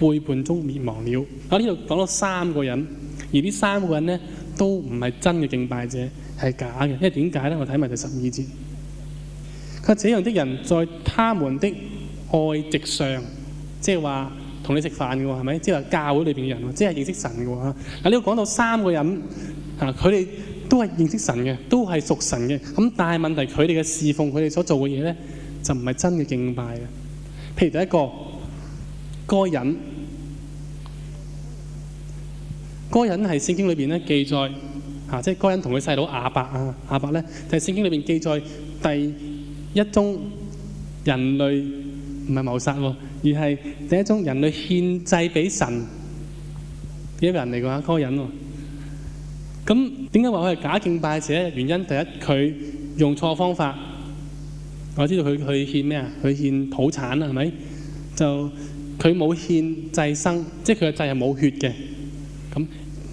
背叛中滅亡了。啊！呢度講咗三個人，而呢三個人呢，都唔係真嘅敬拜者。係假嘅，因為點解呢？我睇埋第十二節。佢，這樣的人，在他們的愛席上，即係話同你食飯嘅喎，係咪？即係話教會裏面嘅人，即係認識神嘅喎。嗱，呢度講到三個人，啊，佢哋都係認識神嘅，都係屬神嘅。咁但係問題，佢哋嘅侍奉，佢哋所做嘅嘢呢，就唔係真嘅敬拜嘅。譬如第一個該隱，該隱喺聖經裏面記載。即係哥恩同佢細佬亞伯啊，亞伯咧，喺、啊就係、聖經裏面記載第一宗人類唔係謀殺喎、哦，而係第一宗人類獻祭俾神嘅一個人嚟㗎。哥恩喎，咁點解話佢係假敬拜者？原因第一，佢用錯方法，我知道佢佢獻咩啊？佢獻土產呀，係咪？就佢冇獻祭牲，即係佢嘅祭係冇血嘅咁。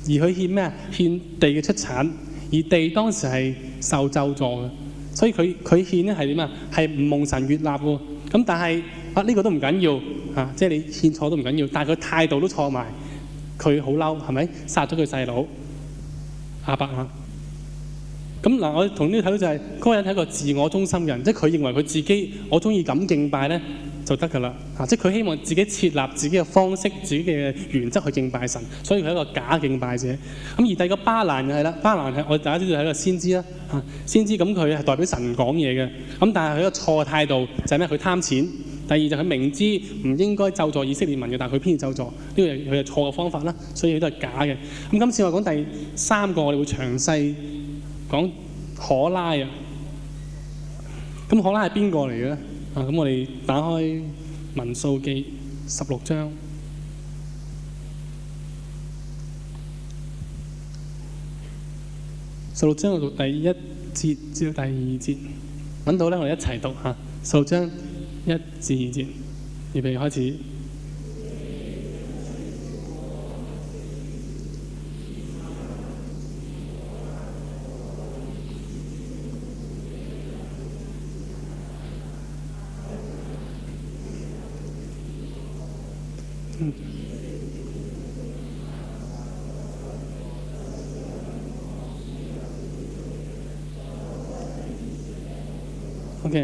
而佢獻咩啊？獻地嘅出產，而地當時係受咒詛嘅，所以佢佢獻咧係點啊？係唔蒙神悅納喎。咁但係啊，呢、這個都唔緊要嚇，即、啊、係、就是、你獻錯都唔緊要，但係佢態度都錯埋，佢好嬲係咪？殺咗佢細佬亞伯啊！咁嗱，我同你睇到就係、是、嗰人係一個自我中心人，即係佢認為佢自己我中意咁敬拜咧。就得噶啦，啊，即係佢希望自己設立自己嘅方式、自己嘅原則去敬拜神，所以佢係一個假敬拜者。咁而第二個巴蘭就係啦，巴蘭係我大家知道係一個先知啦，啊，先知咁佢係代表神講嘢嘅。咁但係佢嘅錯嘅態度就係咩？佢貪錢。第二就佢明知唔應該咒詛以色列民嘅，但係佢偏要咒詛，呢個係佢係錯嘅方法啦，所以佢都係假嘅。咁今次我講第三個，我哋會詳細講可拉啊。咁可拉係邊個嚟嘅咧？啊！咁我哋打開《民數記》十六章，十六章我讀第一節至到第二節，揾到咧我哋一齊讀吓。啊，十六章一至二節，預備開始。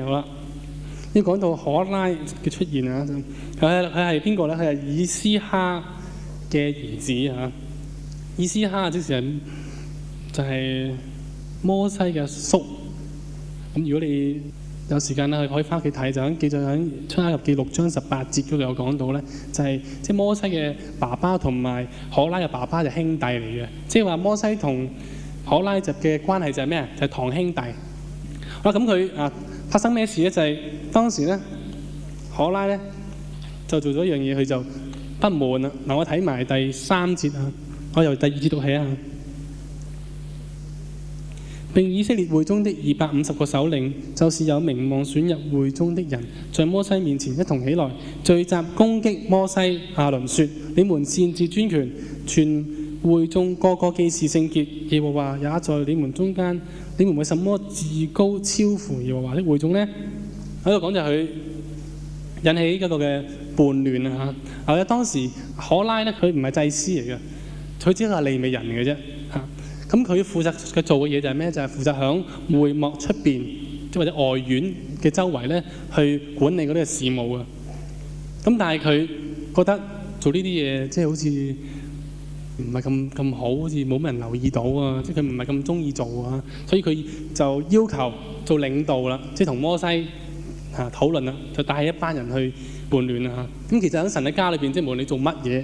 好啦。要講到可拉嘅出現啊，佢係佢係邊個咧？佢係以斯哈嘅兒子啊。以斯哈即時係就係摩西嘅叔。咁如果你有時間咧，可以翻屋企睇，就喺記住喺出埃及記六章十八節度。有講到咧，就係即摩西嘅爸爸同埋可拉嘅爸爸就兄弟嚟嘅。即係話摩西同可拉嘅關係就係咩啊？就係、是、堂兄弟。好啦，咁佢啊。發生咩事呢？就係、是、當時呢，可拉呢，就做咗一樣嘢，佢就不滿啦。嗱，我睇埋第三節啊，我由第二節讀起啊。並以色列會中的二百五十個首領，就是有名望選入會中的人，在摩西面前一同起來聚集攻擊摩西。亞倫說：你們擅自專權，全。」會眾個個既是聖潔，耶和華也在你們中間。你們為什麼自高超乎耶和華的會眾呢？喺度講就佢引起嗰個嘅叛亂啊！吓，或者當時可拉咧，佢唔係祭司嚟嘅，佢只係利未人嚟嘅啫。吓，咁佢負責佢做嘅嘢就係咩？就係、是、負責響會幕出邊，即或者外院嘅周圍咧，去管理嗰啲嘅事務啊。咁但係佢覺得做呢啲嘢，即、就是、好似。唔係咁咁好，好似冇乜人留意到啊！即係佢唔係咁中意做啊，所以佢就要求做領導啦，即係同摩西嚇討論啦，就帶一班人去叛亂啦嚇。咁其實喺神喺家裏邊，即係無論你做乜嘢，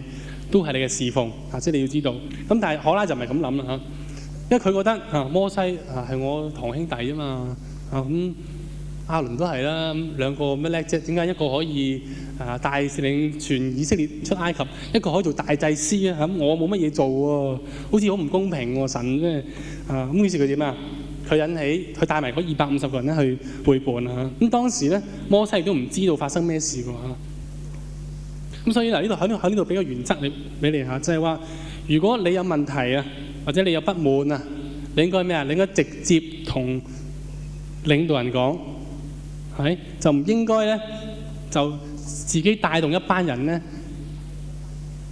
都係你嘅侍奉嚇，即係你要知道。咁但係可拉就唔係咁諗啦嚇，因為佢覺得嚇摩西係我堂兄弟啊嘛嚇咁，阿倫都係啦，兩個咩叻啫？點解一個可以？啊！帶領全以色列出埃及，一個可以做大祭司啊！咁我冇乜嘢做，好似好唔公平！神真啊！咁意思佢點啊？佢引起佢帶埋嗰二百五十個人咧去背叛啦。咁當時咧摩西亦都唔知道發生咩事㗎嘛。咁、啊、所以嚟呢度喺喺呢度俾個原則你俾你嚇，即係話如果你有問題啊，或者你有不滿啊，你應該咩啊？你應該直接同領導人講，係就唔應該咧就。自己帶動一班人咧，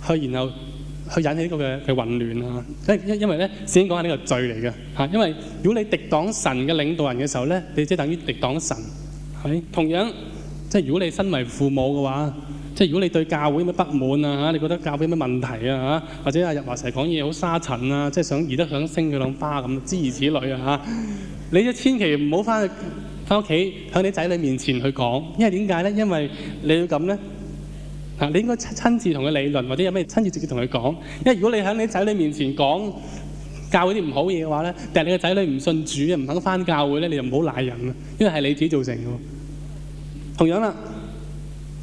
去然後去引起呢個嘅嘅混亂啊！因因因為咧，先講下呢個罪嚟嘅嚇。因為如果你敵擋神嘅領導人嘅時候咧，你即係等於敵擋神。係同樣，即係如果你身為父母嘅話，即係如果你對教會有咩不滿啊嚇，你覺得教會有咩問題啊嚇，或者阿日華成日講嘢好沙塵啊，即係想而得想升佢兩花咁，諸如此類啊嚇，你咧千祈唔好翻去。翻屋企喺你仔女面前去講，因為點解咧？因為你要咁咧嚇，你應該親親自同佢理論，或者有咩親自直接同佢講。因為如果你喺你仔女面前講教會啲唔好嘢嘅話咧，但係你個仔女唔信主啊，唔肯翻教會咧，你就唔好賴人啊，因為係你自己造成嘅。同樣啦，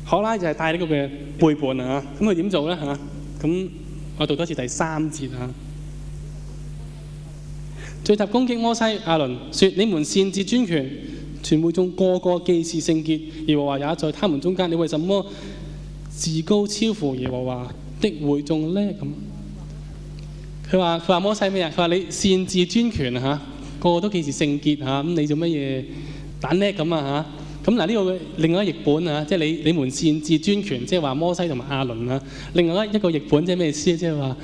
可拉就係帶呢個嘅背叛啊，咁佢點做咧嚇？咁我讀多次第三節啊，聚集攻擊摩西亞倫，說你們擅自專權。全部會眾個個既是聖潔，耶和華也在他們中間。你為什麼自高超乎耶和華的會眾呢？咁佢話：佢話摩西咩啊？佢話你擅自專權嚇，個個都既是聖潔嚇，咁、啊、你做乜嘢蛋叻咁啊嚇？咁嗱，呢、這個另外一個譯本啊，即係你你們擅自專權，即係話摩西同埋亞倫啊。另外一一個譯本即係咩意思？即係話。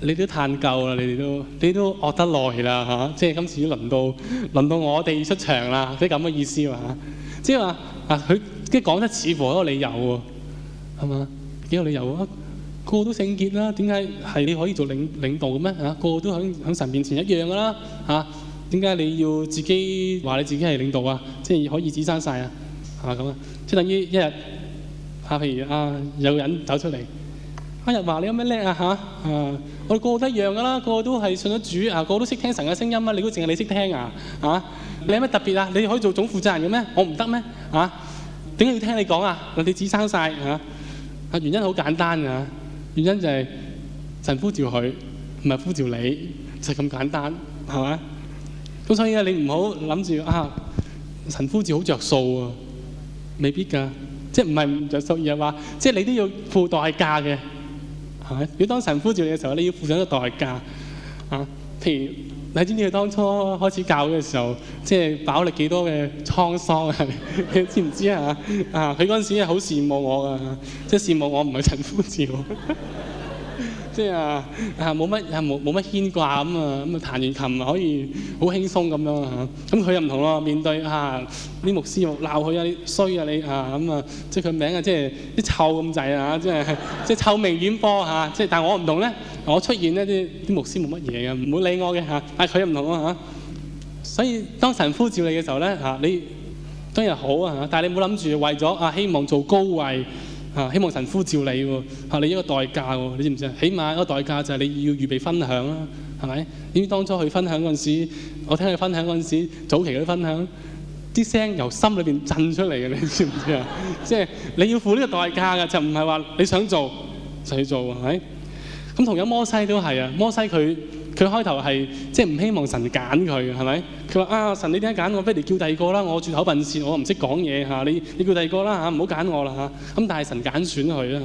你都嘆夠啦，你哋都你都惡得耐啦嚇，即係今次都輪到輪到我哋出場啦，即係咁嘅意思嘛。即係話啊，佢即係講得似乎一個理由喎，係嘛？幾個理由啊？個個都聖潔啦，點解係你可以做領領導嘅咩？嚇，個個都喺喺神面前一樣噶啦嚇，點解你要自己話你自己係領導啊？即係可以指山曬啊？係咪咁啊？即係等於一日啊，譬如啊，有個人走出嚟。今日話你有咩叻啊？嚇，誒，我哋個個都一樣噶啦，個個都係信咗主啊，個個都識聽神嘅聲音啊。你估淨係你識聽啊？嚇，你有咩特別啊？你可以做總負責人嘅咩？我唔得咩？嚇，點解要聽你講啊？我哋指生曬嚇，啊，原因好簡單啊，原因就係神呼召佢，唔係呼召你，就係咁簡單，係嘛？咁所以啊，你唔好諗住啊，神呼召好著數啊，未必㗎，即係唔係唔著數而係話，即係你都要付代價嘅。係咪？如果當神呼召你嘅時候，你要付出一個代價。嚇、啊，譬如你知唔知佢當初開始教嘅時候，即係飽歷幾多嘅滄桑啊？ 你知唔知啊？啊，佢嗰陣時係好羨慕我㗎，即、就、係、是、羨慕我唔係神呼召。 即係啊，啊冇乜啊冇冇乜牽掛咁啊，咁啊彈完琴可以好輕鬆咁樣啊，咁佢又唔同咯，面對啊啲牧師又鬧佢啊，你衰啊你啊咁啊，即係佢名啊、即係、即係啲臭咁滯啊，即係即係臭名遠播嚇，即、啊、係但係我唔同咧，我出現呢啲啲牧師冇乜嘢嘅，唔會理我嘅嚇、啊，但係佢又唔同啊嚇，所以當神呼召你嘅時候咧嚇、啊，你當然好啊嚇，但係你唔好諗住為咗啊希望做高位。啊！希望神呼召你喎，嚇你一個代價喎，你知唔知啊？起碼一個代價就係你要預備分享啦，係咪？因為當初佢分享嗰陣時，我聽佢分享嗰陣時，早期嗰啲分享，啲聲由心裏邊震出嚟嘅，你知唔知啊？即係 你要付呢個代價嘅，就唔係話你想做就去做，係咪？咁同樣摩西都係啊，摩西佢。佢開頭係即係唔希望神揀佢，係咪？佢話啊，神你點解揀我？我不如叫第二個啦，我住口笨線，我唔識講嘢，你叫第二個啦，唔好揀我啦。咁但係神揀選佢啦。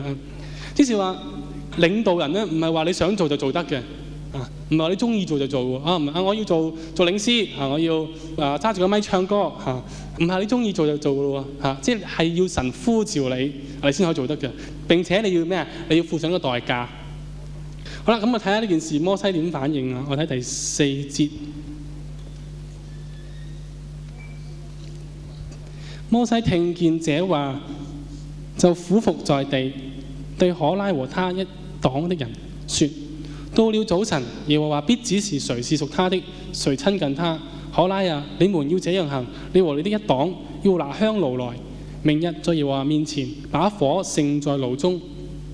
即是話領導人呢，唔係話你想做就做得嘅，唔係話你中意做就做喎，啊我要做做領詩，我要啊揸住個麥唱歌嚇，唔、啊、係你中意做就做咯、啊、是即係要神呼召你，你先可以做得嘅。並且你要咩？你要付上一個代價。好啦，咁我睇下呢件事，摩西點反應啊？我睇第四節，摩西聽見這話，就俯伏在地，對可拉和他一黨的人說：到了早晨，耶和華必指示誰是屬他的，誰親近他。可拉啊，你們要這樣行，你和你的一黨要拿香爐來，明日在耶和華面前，把火盛在爐中，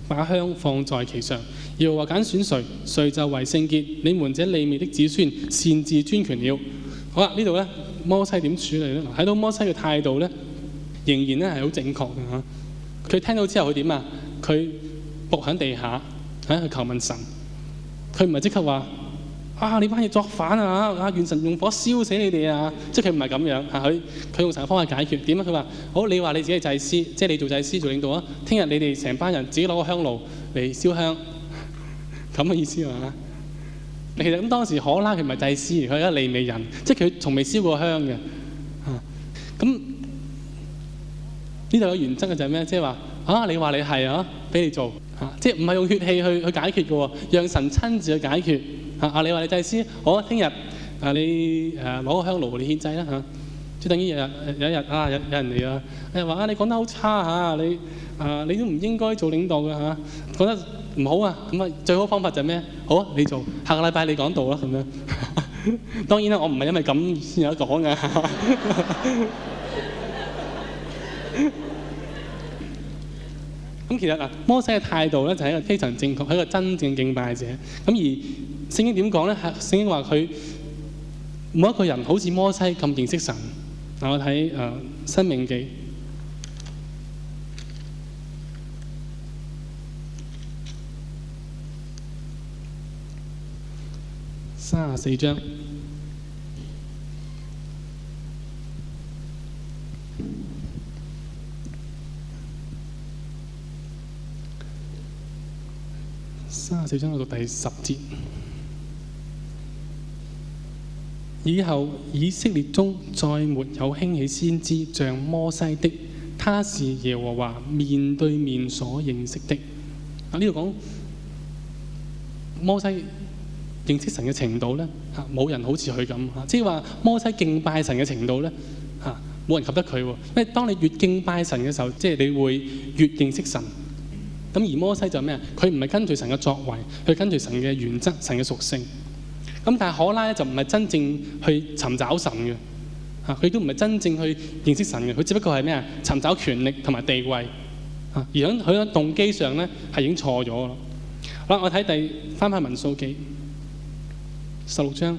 把香放在其上。又話揀選誰，誰就為聖潔。你們這利未的子孫擅自專權了。好啦，這裡呢度咧摩西點處理咧？睇到摩西嘅態度咧，仍然咧係好正確嘅嚇。佢、啊、聽到之後他怎樣，佢點啊？佢伏喺地下喺去求問神。佢唔係即刻話啊！你班嘢作反啊！啊！願神用火燒死你哋啊！即係佢唔係咁樣嚇。佢佢用神嘅方法解決點啊？佢話好，你話你自己係祭司，即、就、係、是、你做祭司做領導啊。聽日你哋成班人自己攞個香爐嚟燒香。咁嘅意思嘛？其實咁當時可拉佢唔係祭司，佢係一利未人，即係佢從未燒過香嘅。嚇，咁呢度嘅原則嘅就係咩？即係話啊，你話你係啊，俾你做嚇，即係唔係用血氣去去解決嘅喎？讓神親自去解決嚇。啊，你話你祭司，好啊，聽日啊，啊，啊，你誒攞個香爐你獻祭啦嚇。即係等於有有有一日啊，有有人嚟啊，有人話啊，你講得好差嚇你。誒，你都唔應該做領導嘅吓，覺得唔好啊，咁啊最好的方法就係咩？好啊，你做下個禮拜你講道啦咁樣。 當然啦，我唔係因為咁先有得講嘅。咁 其實啊，摩西嘅態度咧就係一個非常正確，係一個真正敬拜者。咁而聖經點講咧？聖經話佢每一個人好似摩西咁認識神。嗱，我睇誒申命記。三十四章，三十四章到第十節。以後以色列中再沒有興起先知像摩西的，他是耶和華面對面所認識的。呢度講摩西。認識神嘅程度咧，嚇冇人好似佢咁。即係話摩西敬拜神嘅程度咧，嚇冇人及得佢。因為當你越敬拜神嘅時候，即係你會越認識神。咁而摩西就咩啊？佢唔係根據神嘅作為，佢根據神嘅原則、神嘅屬性。咁但係可拉咧就唔係真正去尋找神嘅，嚇佢都唔係真正去認識神嘅。佢只不過係咩啊？尋找權力同埋地位。嚇而喺佢喺動機上咧係已經錯咗咯。好啦，我睇第翻翻民數記。十六章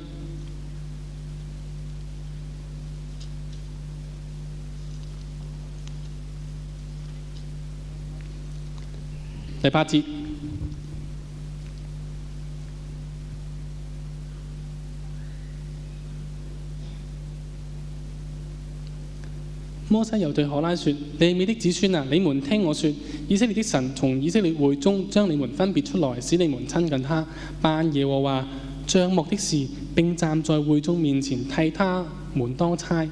第八節，摩西又對可拉說：利未的子孫啊，你們聽我說，以色列的神從以色列會中將你們分別出來，使你們親近他。辦耶和華帳幕的事，並站在會眾面前替他們當差。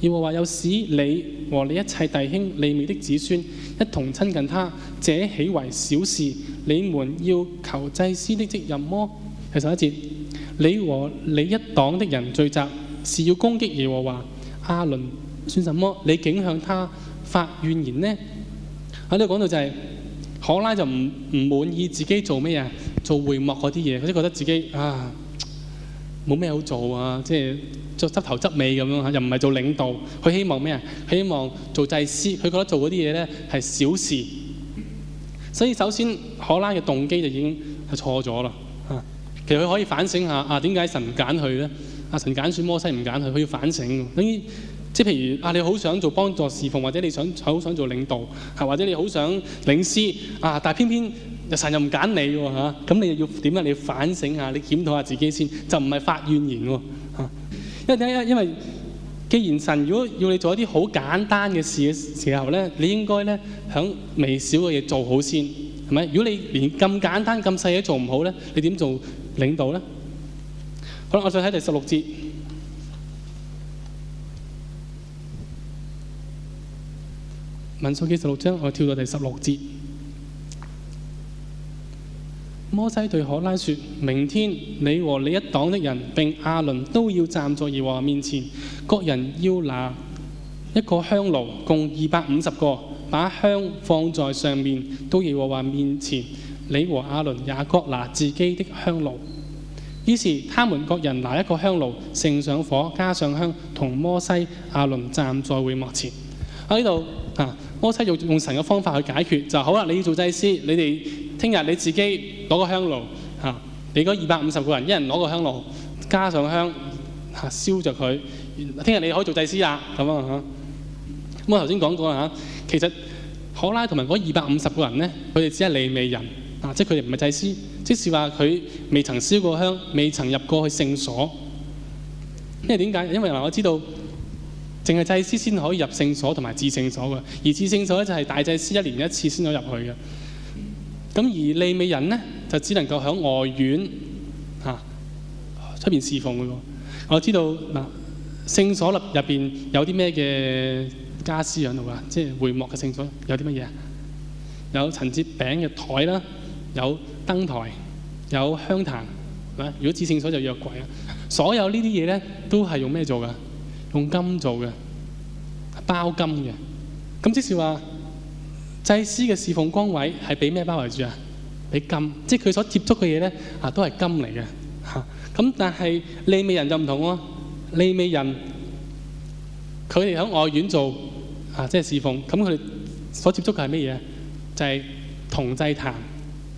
耶和華又使你和你一切弟兄、利未的子孫一同親近他，這豈為小事？你們要求祭司的職任麼，哦？第十一節，你和你一黨的人聚集是要攻擊耶和華。亞倫算什麼？你竟向他發怨言呢？喺呢度講到就係、是、可拉就唔唔滿意自己做咩啊？做會幕嗰啲嘢，佢就覺得自己啊～冇咩好做啊！即係做執頭執尾咁樣嚇，又唔係做領導。佢希望咩啊？佢希望做祭司。佢覺得做嗰啲嘢咧係小事。所以首先，可拉嘅動機就已經係錯咗啦。嚇，其實佢可以反省下啊，點解神揀佢咧？啊，神揀選摩西唔揀佢，佢要反省。等於即係譬如啊，你好想做幫助侍奉，或者你想好想做領導，係、啊、或者你好想領詩啊，但係偏偏，神又唔揀你喎嚇，咁你又要點咧？你要反省下，你檢討下自己先，就唔係發怨言喎嚇。因為因為因為，既然神如果要你做一啲好簡單嘅事嘅時候咧，你應該咧響微小嘅嘢做好先，係咪？如果你連咁簡單咁細嘢都做唔好咧，你點做領導咧？好，我再睇第十六節。民數記十六章，我跳到第十六節。摩西對可拉説：明天你和你一黨的人並阿倫都要站在耶和華面前，各人要拿一個香爐，共二百五十個，把香放在上面，到耶和華面前。你和阿倫也各拿自己的香爐。於是他們各人拿一個香爐，盛上火，加上香，同摩西、阿倫站在會幕前。喺呢度，啊，摩西用用神嘅方法去解決，就好啦。你要做祭司，你哋。聽日你自己攞個香爐嚇，你嗰二百五十個人一人攞個香爐，加上香嚇，燒著佢。聽日你可以做祭司啊咁啊嚇。咁、嗯、我頭先講過啦嚇，其實可拉同埋嗰二百五十個人咧，佢哋只係利未人啊、嗯，即係佢哋唔係祭司，即使話佢未曾燒過香，未曾入過去聖所。因為點解？因為嗱，我知道，淨係祭司先可以入聖所同埋至聖所嘅，而至聖所咧就係大祭司一年一次先可以入去嘅。咁而利未人咧，就只能夠喺外院嚇出面侍奉嘅喎。我知道嗱，聖所立入邊有啲咩嘅傢俬喺度㗎，即係會幕嘅聖所有啲乜嘢啊？有陳設餅嘅台啦，有燈台，有香壇。嗱，如果至聖所就約櫃啦。所有呢啲嘢咧，都係用咩做㗎？用金做嘅，包金嘅。咁即係話。祭司嘅侍奉崗位係俾咩包圍住啊？俾金，即係佢所接觸嘅嘢咧啊，都係金嚟嘅嚇。咁但係利未人就唔同咯，利未人佢哋喺外院做啊，即係侍奉。咁佢哋所接觸嘅係咩嘢啊？就係銅祭壇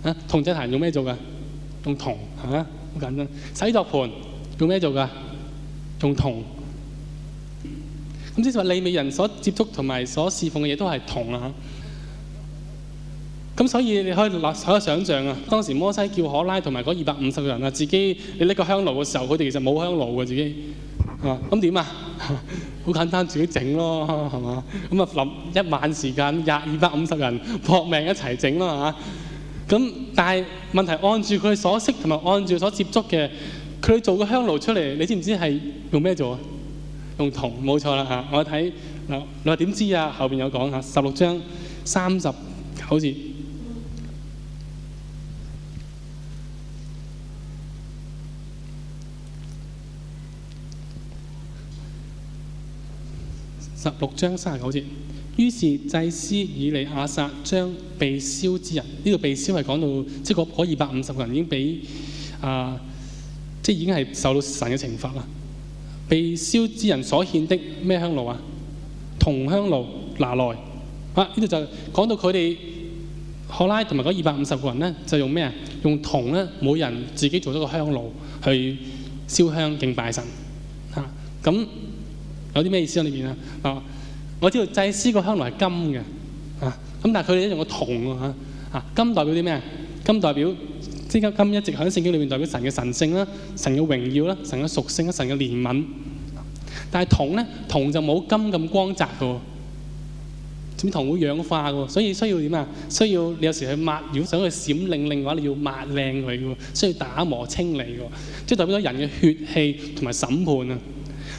啊，銅祭壇用咩做㗎？用銅嚇，好簡單。洗濯盤用咩做㗎？用銅。咁即係話利未人所接觸同埋所侍奉嘅嘢都係銅啊。咁所以你可以攞，可以想象啊，當時摩西叫可拉同埋嗰二百五十個人啊，自己你拎個香爐嘅時候，佢哋其實冇香爐嘅自己，啊，咁點啊？好簡單，自己整咯，係嘛？咁啊，諗一晚時間，廿二百五十人，搏命一齊整啦嚇。咁但係問題按住佢所識同埋按住所接觸嘅，佢做個香爐出嚟，你知唔知係用咩做啊？用銅，冇錯啦、啊、嚇。我睇嗱，你話點知啊？後邊有講嚇，十六章三十好似。十六章三十九節，於是祭司以利亞撒將被燒之人，呢度被燒係講到即係嗰二百五十個人已經被啊，即係已經係受到神嘅懲罰啦。被燒之人所獻的咩香爐啊？銅香爐拿來啊！呢度就講到佢哋荷拉同埋嗰二百五十個人呢，就用咩啊？用銅呢，每人自己做咗個香爐去燒香敬拜神嚇咁。啊有啲咩意思喺裏面啊？啊，我知道祭司個香爐係金嘅，啊，咁但係佢哋一樣個銅㗎嚇，啊，金代表啲咩？金代表即係金一直喺聖經裏面代表神嘅神性啦，神嘅榮耀啦，神嘅屬性啦，神嘅憐憫。但係銅咧，銅就冇金咁光澤㗎，點銅會氧化㗎，所以需要點啊？需要你有時去抹，如果想去閃令令嘅話，你要抹靚佢㗎，需要打磨清理㗎，即係代表咗人嘅血氣同埋審判啊。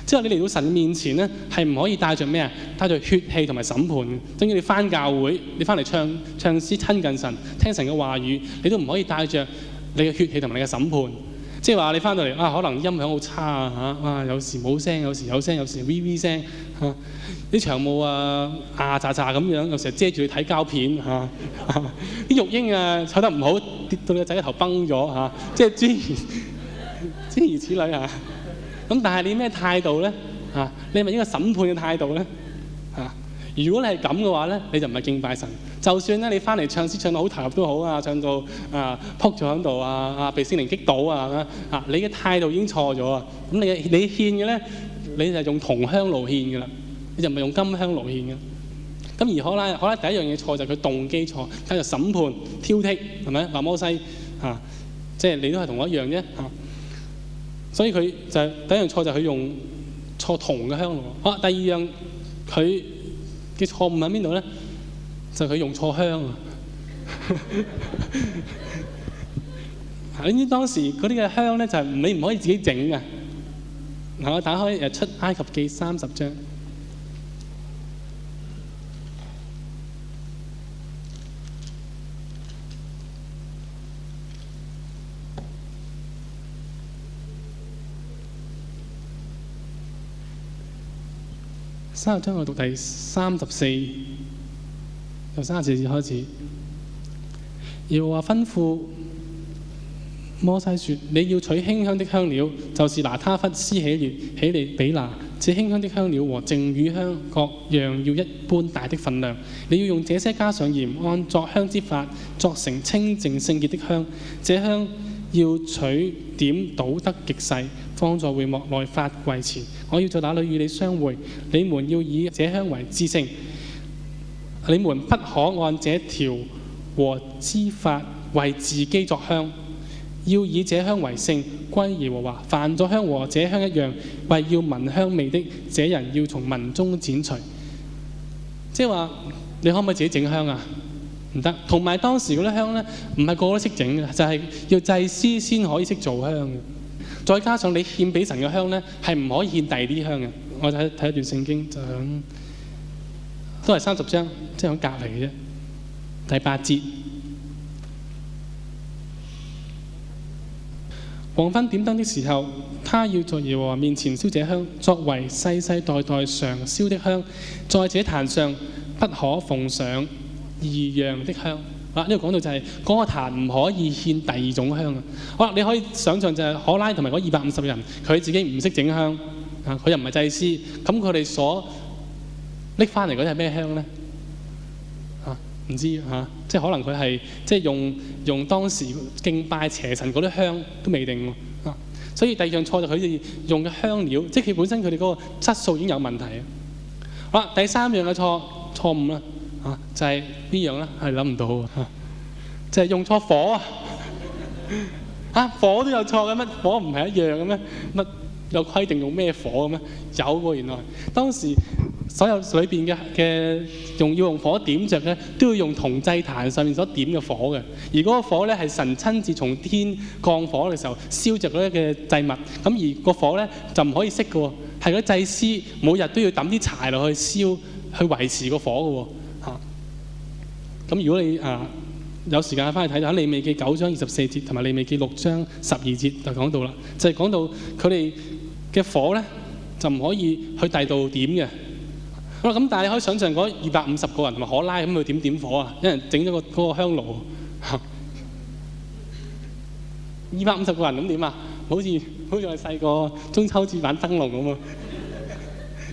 之後你嚟到神面前咧，係唔可以帶着咩啊？帶着血氣同埋審判。重要你翻教會，你翻嚟唱唱詩親近神，聽神嘅話語，你都唔可以帶着你嘅血氣同埋你嘅審判。即係話你翻到嚟啊，可能音響好差啊嚇！啊有時冇聲，聲，有時有聲，有時 v v 聲嚇。啲長毛啊，牙渣渣咁樣，有時遮住你睇膠片嚇。啲育嬰啊，炒、啊啊啊、得唔好，跌到你個仔頭崩咗嚇、啊啊。即係諸如此類嚇、啊。咁但係你咩態度咧？嚇，你係咪應該審判嘅態度咧？嚇，如果你係咁嘅話咧，你就唔係敬拜神。就算咧你翻嚟唱詩唱到好投入都好啊，唱到啊仆咗喺度啊啊，被聖靈擊倒啊咁啊，你嘅態度已經錯咗啊！咁你你獻嘅咧，你就用銅香爐獻噶啦，你就唔係用金香爐獻噶。咁而可拉可拉第一樣嘢錯就係佢動機錯，睇下審判挑剔係咪？亞摩西嚇，即係你都係同我一樣啫嚇。所以佢就係第一樣錯就係佢用錯銅嘅香喎。啊，第二樣佢嘅錯誤喺邊度咧？就係、是、佢用錯香啊！喺 當時嗰啲嘅香咧，就係你唔可以自己整嘅。我打開誒，出埃及記三十章。卅章我讀第三十四，由卅四節開始。耶和華吩咐摩西説：你要取馨香的香料，就是拿他弗、施喜列喜利比拿，這馨香的香料和淨乳香各樣要一般大的分量。你要用這些加上鹽，按作香之法，作成清淨聖潔的香。這香要取點搗得極細。放在會幕內法櫃前，我要在那裏與你相會？你們要以這香為至聖。你們不可按這條和之法為自己作香，要以這香為聖。歸耶和華，凡作香和這香一樣，為要聞香味的，這人要從民中剪除。即係話，你可唔可以自己整香啊？唔得。同埋當時嗰啲香咧，唔係個個都識整嘅，就係、是、要祭司先可以識做香嘅。再加上你獻俾神嘅香呢，係唔可以獻第二啲香嘅。我睇睇一段聖經就，就響都係三十章，即係響隔離嘅啫，第八節。黃昏點燈的時候，他要在耶和華面前燒這香，作為世世代代常燒的香，在這壇上不可奉上異樣的香。呢個講到就係個壇唔可以獻第二種香啊！好啦，你可以想像就係可拉同埋嗰二百五十人，佢自己唔識整香啊，佢又唔係祭司。咁佢哋所拎翻嚟嗰啲係咩香咧？嚇、啊、唔知嚇、啊，即係可能佢係即係用用當時敬拜的邪神嗰啲香都未定啊！所以第二樣錯就佢哋用嘅香料，即係本身佢哋嗰個質素已經有問題啊！好啦，第三樣嘅錯錯誤啦。啊、就係、是、邊樣咧？係諗唔到喎。嚇、啊！即、就、係、是、用錯火啊！嚇、 啊，火都有錯嘅乜？火唔係一樣嘅咩？乜有規定用咩火嘅咩？有喎，原來當時所有水邊嘅嘅用要用火點着咧，都要用銅祭壇上面所點嘅火嘅。而嗰個火咧係神親自從天降火嘅時候燒着嗰啲嘅祭物咁，而個火咧就唔可以熄嘅喎，係嗰祭司每日都要抌啲柴落去燒去維持個火嘅喎。咁如果你啊有時間翻去睇下利未記九章二十四節同埋利未記六章十二節就講到啦，就係講到佢哋嘅火咧就唔可以去第度點嘅。好啦咁但係你可以想象嗰二百五十個人同埋可拉咁去點點火啊！一人整咗個嗰個香爐，二百五十個人咁點啊？好似好似係細個中秋節玩燈籠咁啊！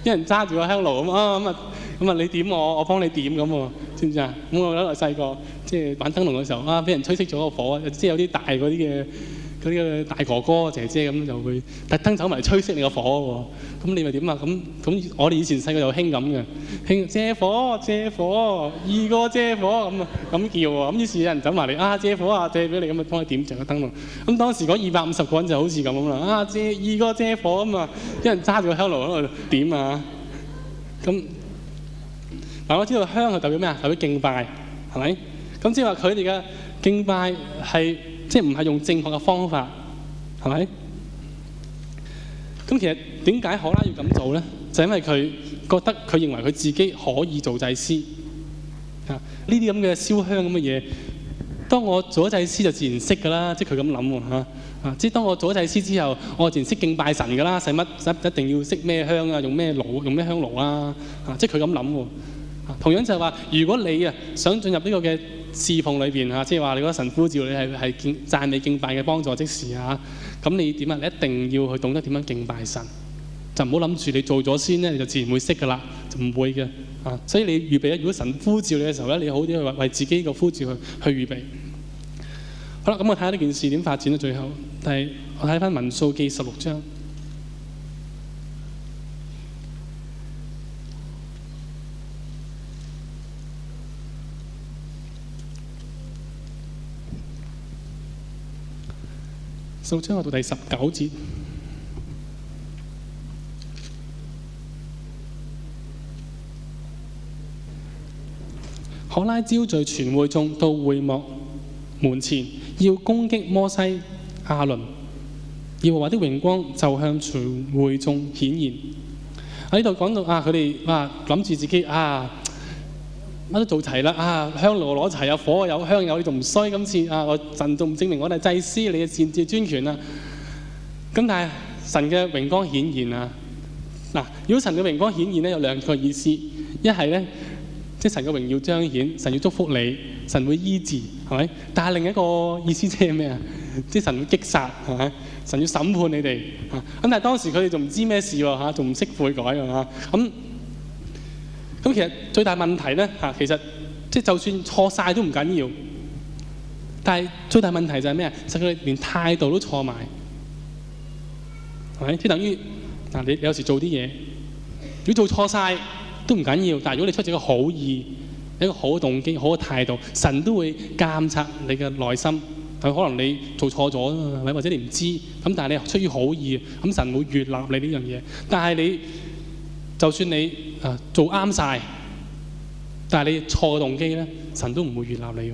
一人揸住個香爐咁啊咁啊！咁啊！你點我，我幫你點咁喎，知唔知啊？咁我嗰度細個，即係玩燈籠嘅時候，啊，俾人吹熄咗個火，即係有啲大嗰啲嘅嗰啲大哥哥姐姐咁就會特登走埋嚟吹熄你個火喎。咁你咪點啊？咁咁我哋以前細個就興咁嘅，興借火借火，二哥借火咁啊，咁叫喎。咁於是有人走埋嚟啊，借火啊，借俾你咁啊，幫你點着個燈籠。咁當時嗰二百五十個人就好似咁啦，啊借二哥借火啊嘛，一人揸住個香爐喺度點啊，咁。我知道香係代表咩啊？代表敬拜係咪？咁即係話佢哋嘅敬拜係即係唔係用正確嘅方法係咪？咁其實點解可拉要咁做咧？就係、是、因為佢覺得佢認為佢自己可以做祭司啊。呢啲咁嘅燒香咁嘅嘢，當我做咗祭司就自然識㗎啦。即係佢咁諗嚇啊。即係當我做咗祭司之後，我自然識敬拜神㗎啦。使乜使一定要識咩香啊？用咩爐？用咩香爐啊？啊、就是，即係佢咁諗喎。同樣就係話，如果你啊想進入呢個嘅侍奉裏邊啊，即係話你覺得神呼召你係係敬讚美敬拜嘅幫助，即時啊，咁你點啊？你一定要去懂得點樣敬拜神，就唔好諗住你做咗先咧，你就自然會識噶啦，就唔會嘅啊！所以你預備啊，如果神呼召你嘅時候咧，你好啲去為自己個呼召去去預備。好啦，咁我睇下呢件事點發展到最後，但係我睇翻民數記十六章。到將來到第十九節，可拉招聚全會眾到會幕門前，要攻擊摩西亞倫，耶和華的榮光就向全會眾顯現。喺度講到啊，佢哋啊諗住自己啊。乜都做齊啦啊！香爐攞齊，有火，有香，有你仲唔衰？今次啊，我神仲唔證明我哋祭司，你嘅擅自專權啊！咁但係神嘅榮光顯現啊！嗱，如果神嘅榮光顯現咧，有兩個意思，一係咧即係神嘅榮耀彰顯，神要祝福你，神會醫治，係咪？但係另一個意思即係咩啊？即係神會擊殺，係咪？神要審判你哋啊！咁但係當時佢哋仲唔知咩事喎嚇，仲唔識悔改啊嘛咁。啊咁其實最大問題咧嚇、啊，其實即係就算錯晒都唔緊要，但係最大問題就係咩啊？神佢連態度都錯埋，係咪？即係等於嗱、啊，你有時做啲嘢，如果做錯晒都唔緊要，但係如果你出自一個好意，一個好動機、好嘅態度，神都會監察你嘅內心。佢可能你做錯咗，或者你唔知，咁但係你出於好意，咁神會悅納你呢樣嘢。但係你。就算你啊做啱晒，但係你錯嘅動機咧，神都唔會悅納你嘅。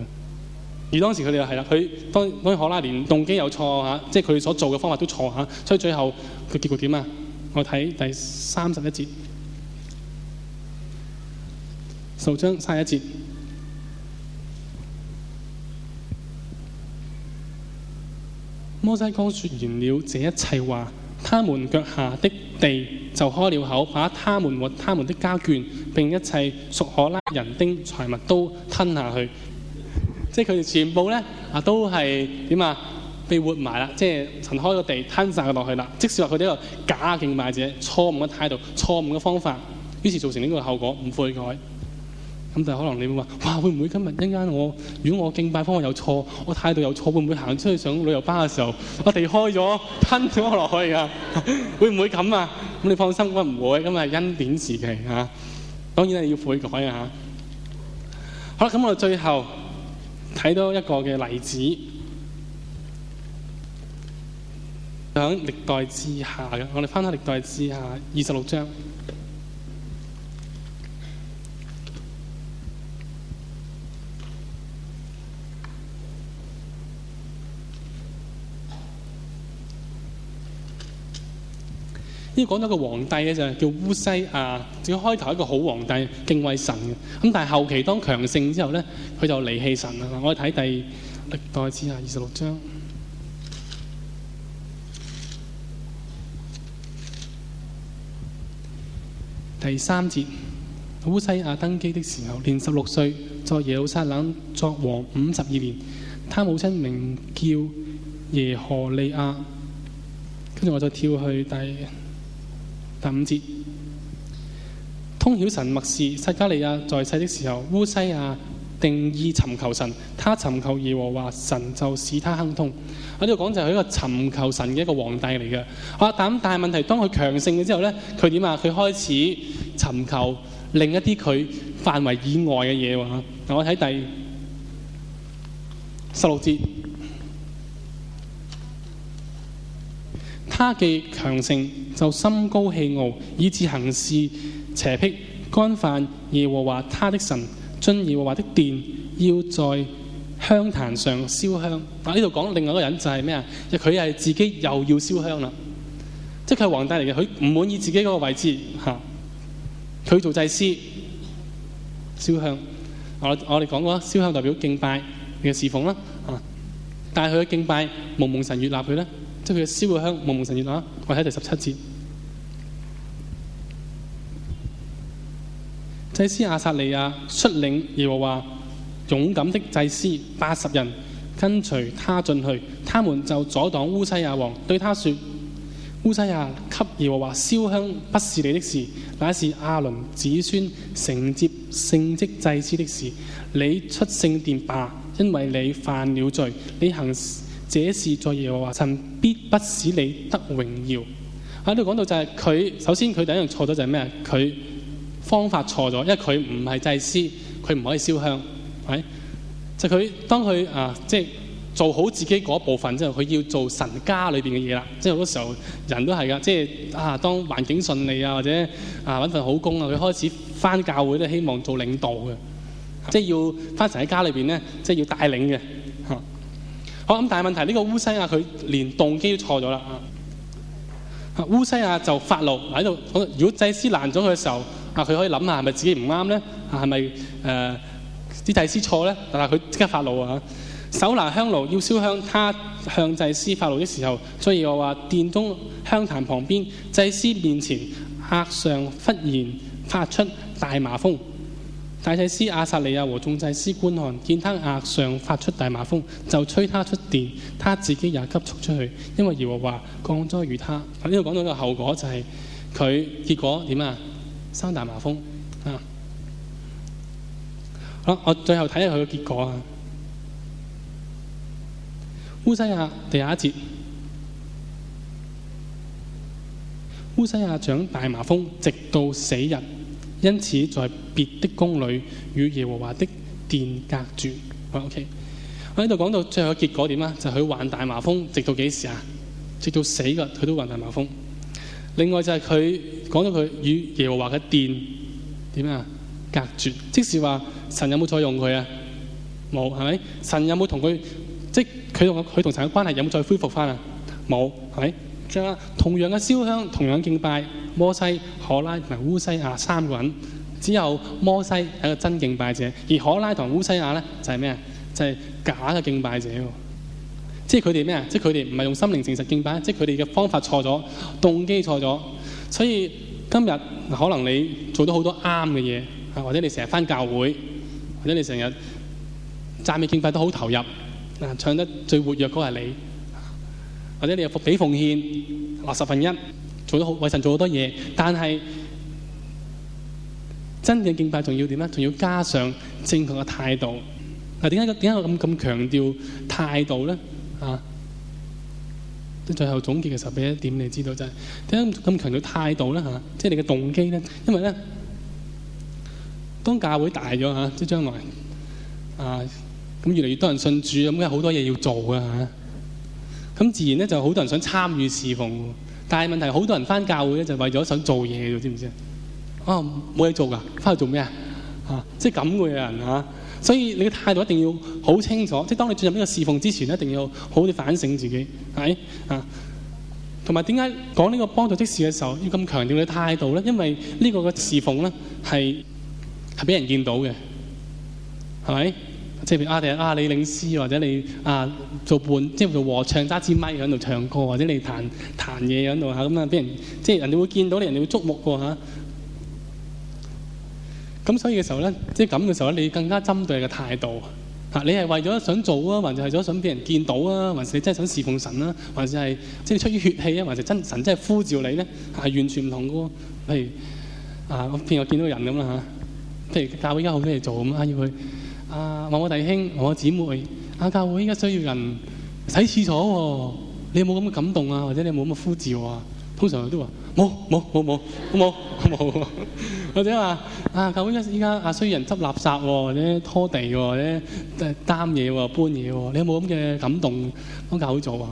而當時佢哋又係啦，佢當當然可拉連動機有錯嚇，即係佢所做嘅方法都錯嚇，所以最後佢結局點啊？我睇第三十一節，數章三一節，摩西剛說完了這一切話，他們腳下的地，就開了口，把他們和他們的家眷，並一切屬可拉人丁財物都吞下去。即係佢哋全部咧啊，都係點啊？被活埋啦！即係塵開個地，吞晒佢落去啦。即係話佢哋一個假敬拜者、錯誤嘅態度、錯誤嘅方法，於是造成呢個後果，唔悔改。咁就可能你會話：，哇！會唔會今日一間我，如果我敬拜方我有錯，我態度有錯，會唔會行出去上旅遊巴嘅時候，我哋開咗，吞咗落去㗎？會唔會咁啊？咁、 啊、你放心，我唔會，咁啊恩典時期嚇，當然啦你要悔改啊！好啦，咁我哋最後睇到一個嘅例子，響歷代志下嘅，我哋翻下歷代志下二十六章。呢講到個皇帝咧就係叫烏西亞，仲要開頭一個好皇帝，敬畏神嘅。咁但係後期當強盛之後呢，佢就離棄神啦。我哋睇第歷代志下二十六章第三節，烏西亞登基的時候年十六歲，在耶路撒冷作王五十二年。他母親名叫耶何利亞。跟住我再跳去第。第五節，通曉神默示，撒迦利亞在世的時候，烏西亞定義尋求神，他尋求耶和華，神就使他亨通。我呢度講就係佢一個尋求神嘅一個皇帝嚟嘅。啊，但係問題，當佢強盛嘅之後呢，佢點啊？佢開始尋求另一啲佢範圍以外嘅嘢喎。嗱，我睇第十六節，他嘅強盛。就心高氣傲，以致行事邪僻，干犯耶和華他的神，遵耶和華的殿，要在香壇上燒香。啊，呢度講另外一個人就係咩啊？佢係自己又要燒香啦，即係佢係皇帝嚟嘅，佢唔滿意自己嗰個位置吓，佢、啊、做祭司燒香。啊、我我哋講過，燒香代表敬拜嘅侍奉啦，吓、啊，但係佢嘅敬拜蒙蒙神悅納佢咧，即係佢燒嘅香蒙蒙神悅納。我睇第十七節。祭司亞撒利亞率領耶和華勇敢的祭司八十人跟隨他進去，他們就阻擋烏西雅王，對他說：烏西雅給耶和華燒香不是你的事，乃是亞倫子孫承接聖職祭司的事。你出聖殿吧，因為你犯了罪。你行這事在耶和華，神必不使你得榮耀。喺度講到就係佢，首先佢第一樣錯咗就係咩？佢方法錯咗，因為佢唔係祭司，佢唔可以燒香，係就佢當佢啊，即係做好自己嗰部分之後，佢要做神家裏邊嘅嘢啦。即係好多時候人都係噶，即係啊，當環境順利啊，或者啊揾份好工啊，佢開始翻教會都希望做領導嘅，即係要翻神喺家裏邊咧，即係要帶領嘅。好咁，但係問題呢個烏西亞佢連動機都錯咗啦。烏西亞就發怒喺度，如果祭司攔咗佢嘅時候。啊！佢可以諗下，係咪自己唔啱咧？啊，係咪誒啲祭司錯咧？但係佢即刻發怒啊！手拿香爐要燒香，他向祭司發怒的時候，所以我話殿中香壇旁邊，祭司面前，額上忽然發出大痲瘋。大祭司阿撒利亞和眾祭司觀看見他額上發出大痲瘋，就催他出殿，他自己也急速出去，因為耶和華降災與他。呢度講到嘅後果就係，是，佢結果點啊？生大麻風。啊！好，我最後睇下佢嘅結果啊。烏西亞第二十一節，烏西亞長大麻風直到死日，因此在別的宮裏與耶和華的殿隔住。OK，我喺度講到最後嘅結果點啊？就佢、係、患大麻風，直到幾時啊？直到死嘅，佢都患大麻風。另外就係佢講咗佢與耶和華嘅殿點樣隔絕，即係話神有冇再用佢啊？冇係咪？神有冇同佢即佢同佢同神嘅關係有冇再恢復返啊？冇係咪？同樣嘅燒香，同樣嘅敬拜摩西、可拉同烏西亞三個人，只有摩西係一個真敬拜者，而可拉同烏西亞呢，就係咩？就係假嘅敬拜者。即係佢哋咩啊？即係佢哋唔係用心靈誠實敬拜，即係佢哋嘅方法錯咗，動機錯咗。所以今日可能你做到好多啱嘅嘢，啊或者你成日返教會，或者你成日讚美敬拜都好投入，啊唱得最活躍嗰係你，或者你又俾奉獻十分一，做咗好為神做好多嘢，但係真正的敬拜仲要點咧？仲要加上正確嘅態度。嗱，點解點解我咁咁強調態度咧？啊！即最後總結嘅時候俾一點你知道，就係點解咁強嘅態度咧嚇、啊，即係你嘅動機咧，因為咧當教會大咗嚇、啊，即係將來啊咁越嚟越多人信主咁，有好多嘢要做嘅嚇，咁、啊、自然咧就好多人想參與侍奉。但係問題好多人翻教會咧就為咗想做嘢，你知唔知啊？哦，冇嘢做㗎，翻去做咩啊？嚇，即係咁嘅人嚇。所以你嘅態度一定要好清楚，即係當你進入呢個侍奉之前一定要好好反省自己，係啊。同埋點解講呢個幫助職事嘅時候要咁強調你態度咧？因為呢個嘅侍奉咧係係俾人見到嘅，係咪？即係譬如啊，定啊，你領詩或者你啊做伴，即係做和唱揸支咪喺度唱歌，或者你彈彈嘢喺度嚇咁啊，俾人即係人哋會見到你，人哋會注目過嚇。啊。咁所以嘅時候咧，即係咁嘅時候咧，你更加針對嘅態度嚇、啊，你係為咗想做啊，還是係為咗想俾人見到啊，還是你真係想侍奉神啊？還是係即係出於血氣啊，還是真神真係呼召你咧，係、啊、完全唔同嘅喎。譬如啊，我見我見到人咁啦嚇，譬、啊、如教會而家好多嘢做咁啊，要去啊，望我弟兄我姊妹啊，教會而家需要人洗廁所喎、哦，你有冇咁嘅感動啊？或者你有冇咁嘅呼召啊？通常佢都話冇冇冇冇，冇冇冇。或者話啊，教會依家依家啊，需要人執垃圾喎，或者拖地喎，或者擔嘢喎，搬嘢喎。你有冇咁嘅感動幫教會做啊？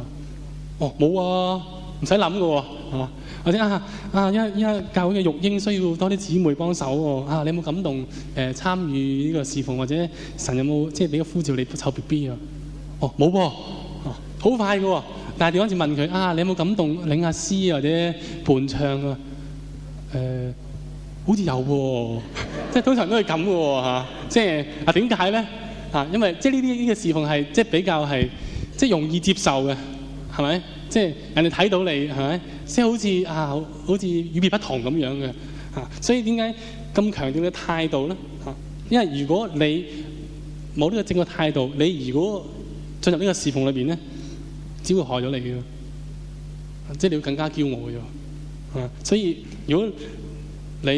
哦，冇啊，唔使諗㗎喎，係嘛？或者啊啊，依家依家教會嘅育嬰需要多啲姊妹幫手喎。啊，你有冇感動誒參與呢個侍奉，或者神有冇即係俾個呼召你湊 BB 啊？哦，冇噃，好快㗎喎。但係你話先問佢啊，你有冇感動領下詩或者伴唱，呃、像啊？好似有喎，即通常都係咁嘅吓。即係啊，點解咧？因為即係呢啲呢個侍奉係即比較係即容易接受嘅，係咪？即係人哋睇到你係咪？即好似啊，好似與別不同咁樣嘅吓、啊。所以點解咁強調嘅態度咧，啊？因為如果你冇呢個正確態度，你如果進入這個裡呢個侍奉裏面咧？只會害咗你嘅，即係你會更加驕傲嘅，啊！所以如果你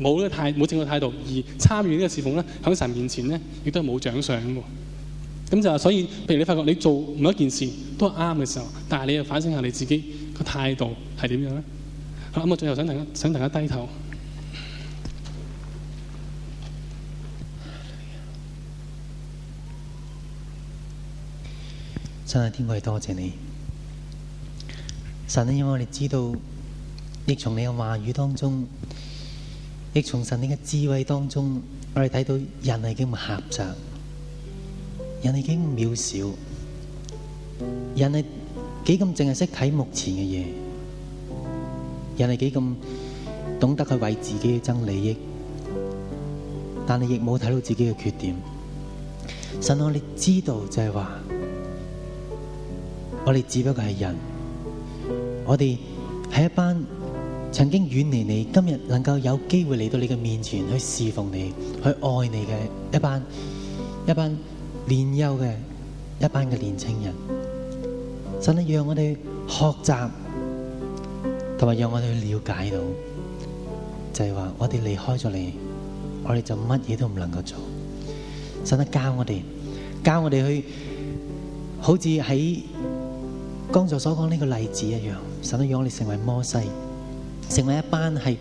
冇呢個態，冇正確態度而參與呢個事奉咧，喺神面前咧，亦都係冇獎賞嘅。咁就話，所以譬如你發覺你做某一件事都係啱嘅時候，但係你又反省下你自己個態度係點樣咧？咁我最後想大家，想大家低頭。真係天貴多謝你，神啊！因為我哋知道，亦從你嘅話語當中，亦從神你嘅智慧當中，我哋睇到人係幾咁狹窄，人係幾咁渺小，人係幾咁淨係識睇目前嘅嘢，人係幾咁懂得去為自己爭利益，但係亦冇睇到自己嘅缺點。神我哋知道就係話。我哋只不過係人，我哋係一班曾經遠離你，今日能夠有機會嚟到你嘅面前去侍奉你，去愛你嘅一班一班年幼嘅一班嘅年青人，真係讓我哋學習，同埋讓我哋了解到，就係話我哋離開咗你，我哋就乜嘢都唔能夠做，真係教我哋教我哋去，好似喺。剛才所講呢個例子一樣，神都讓我哋成為摩西，成為一班係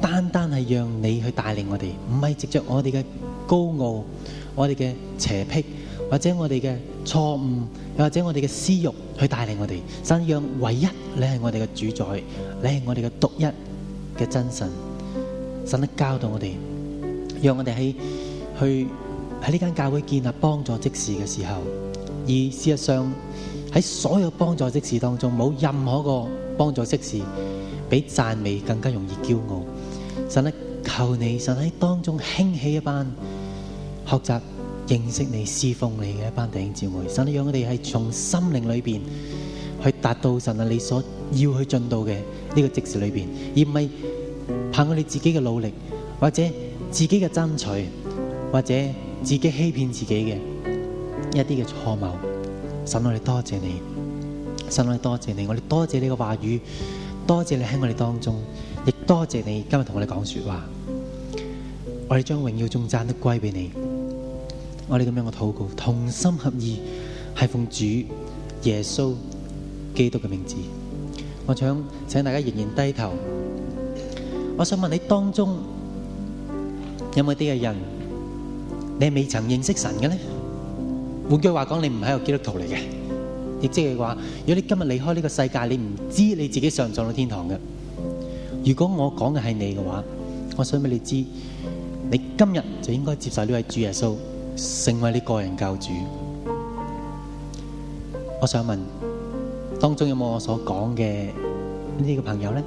單單係讓你去帶領我哋，唔係藉着我哋嘅高傲、我哋嘅邪癖，或者我哋嘅錯誤又或者我哋嘅私欲去帶領我哋，神讓唯一你係我哋嘅主宰，你係我哋嘅獨一嘅真神，神都教導我哋，讓我哋喺去喺呢間教會建立幫助職事嘅時候，而事實上。喺所有幫助職事當中，冇任何個幫助職事比讚美更加容易驕傲。神啊，求你神喺當中興起一班學習認識你、侍奉你嘅一班弟兄姊妹。神啊，讓我哋係從心靈裏面去達到神啊你所要去進度嘅呢個職事裏面，而唔係憑我哋自己嘅努力，或者自己嘅爭取，或者自己欺騙自己嘅一啲嘅錯謀。神我哋多謝你，神我哋多謝你，我哋多謝你嘅話語，多謝你喺我哋當中，亦多謝你今日同我哋講說話。我哋將榮耀頌讚都歸俾你。我哋咁樣嘅禱告，同心合意，係奉主耶穌基督嘅名字。我想請大家仍然低頭。我想問你當中有冇啲嘅人，你是未曾認識神嘅呢？換句話講，你唔係一個基督徒嚟嘅，亦即係話，如果你今日離開呢個世界，你唔知你自己上唔上到天堂嘅。如果我講嘅係你嘅話，我想俾你知，你今日就應該接受呢位主耶穌，成為你個人教主。我想問，當中有冇我所講嘅呢個朋友呢？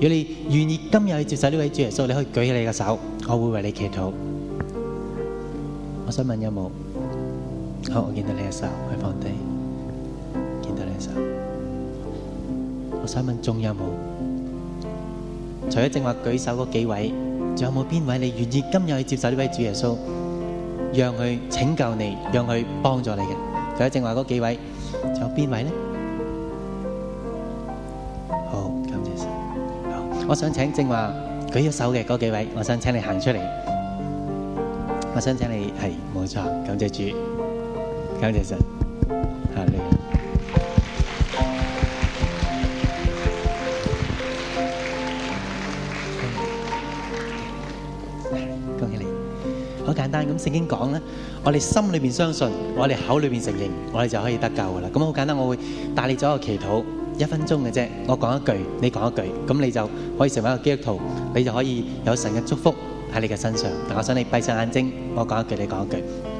如果你願意今日去接受呢位主耶穌，你可以舉起你嘅手，我會為你祈禱。我想問有冇？好，我見到你一手，去放低，見到你一手。我想問仲有冇？除咗正話舉手嗰幾位，仲有冇邊位你願意今日去接受呢位主耶穌，讓佢拯救你，讓佢幫助你嘅？除咗正話嗰幾位，仲有邊位呢？好，感謝神。我想請正話舉咗手嘅嗰幾位，我想請你行出嚟。我想請你係，冇錯，感謝主。梁先生，好，恭喜你。好簡單，咁聖經講咧，我哋心裏面相信，我哋口裏面承認，我哋就可以得救噶啦。咁好簡單，我會帶你做一個祈禱，一分鐘嘅啫。我講一句，你講一句，咁你就可以成為一個基督徒，你就可以有神嘅祝福喺你嘅身上。我想你閉上眼睛，我講一句，你講一句。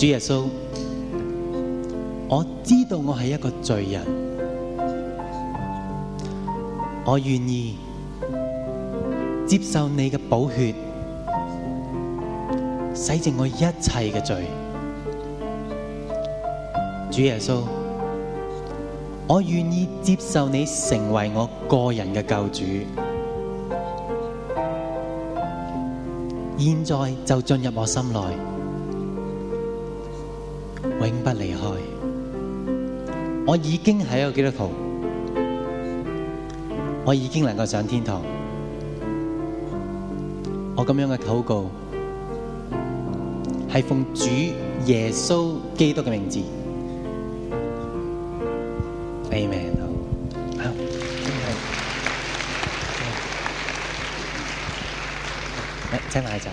主耶穌，我知道我是一個罪人，我願意接受你嘅寶血洗淨我一切嘅罪。主耶穌，我願意接受你成為我個人嘅救主，現在就進入我心內。永不離開，我已經係一個基督徒，我已經能夠上天堂。我咁樣嘅禱告係奉主耶穌基督嘅名字，Amen。好，張大生。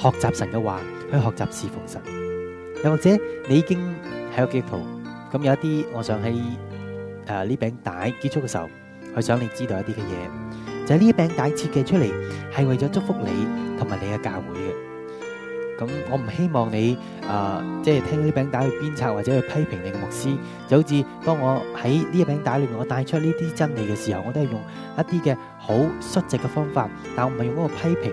學習神嘅話，去學習侍奉神。又或者你已經喺個教會，咁有一啲，我想喺誒呢餅帶結束嘅時候，去想你知道一啲嘅嘢，就係呢餅帶設計出嚟係為咗祝福你同埋你嘅教會嘅。咁我唔希望你誒，即係聽呢餅帶去鞭策或者去批評你嘅牧師。就好似當我喺呢餅帶裏面我帶出呢啲真理嘅時候，我都係用一啲嘅好率直嘅方法，但係我唔係用嗰個批評，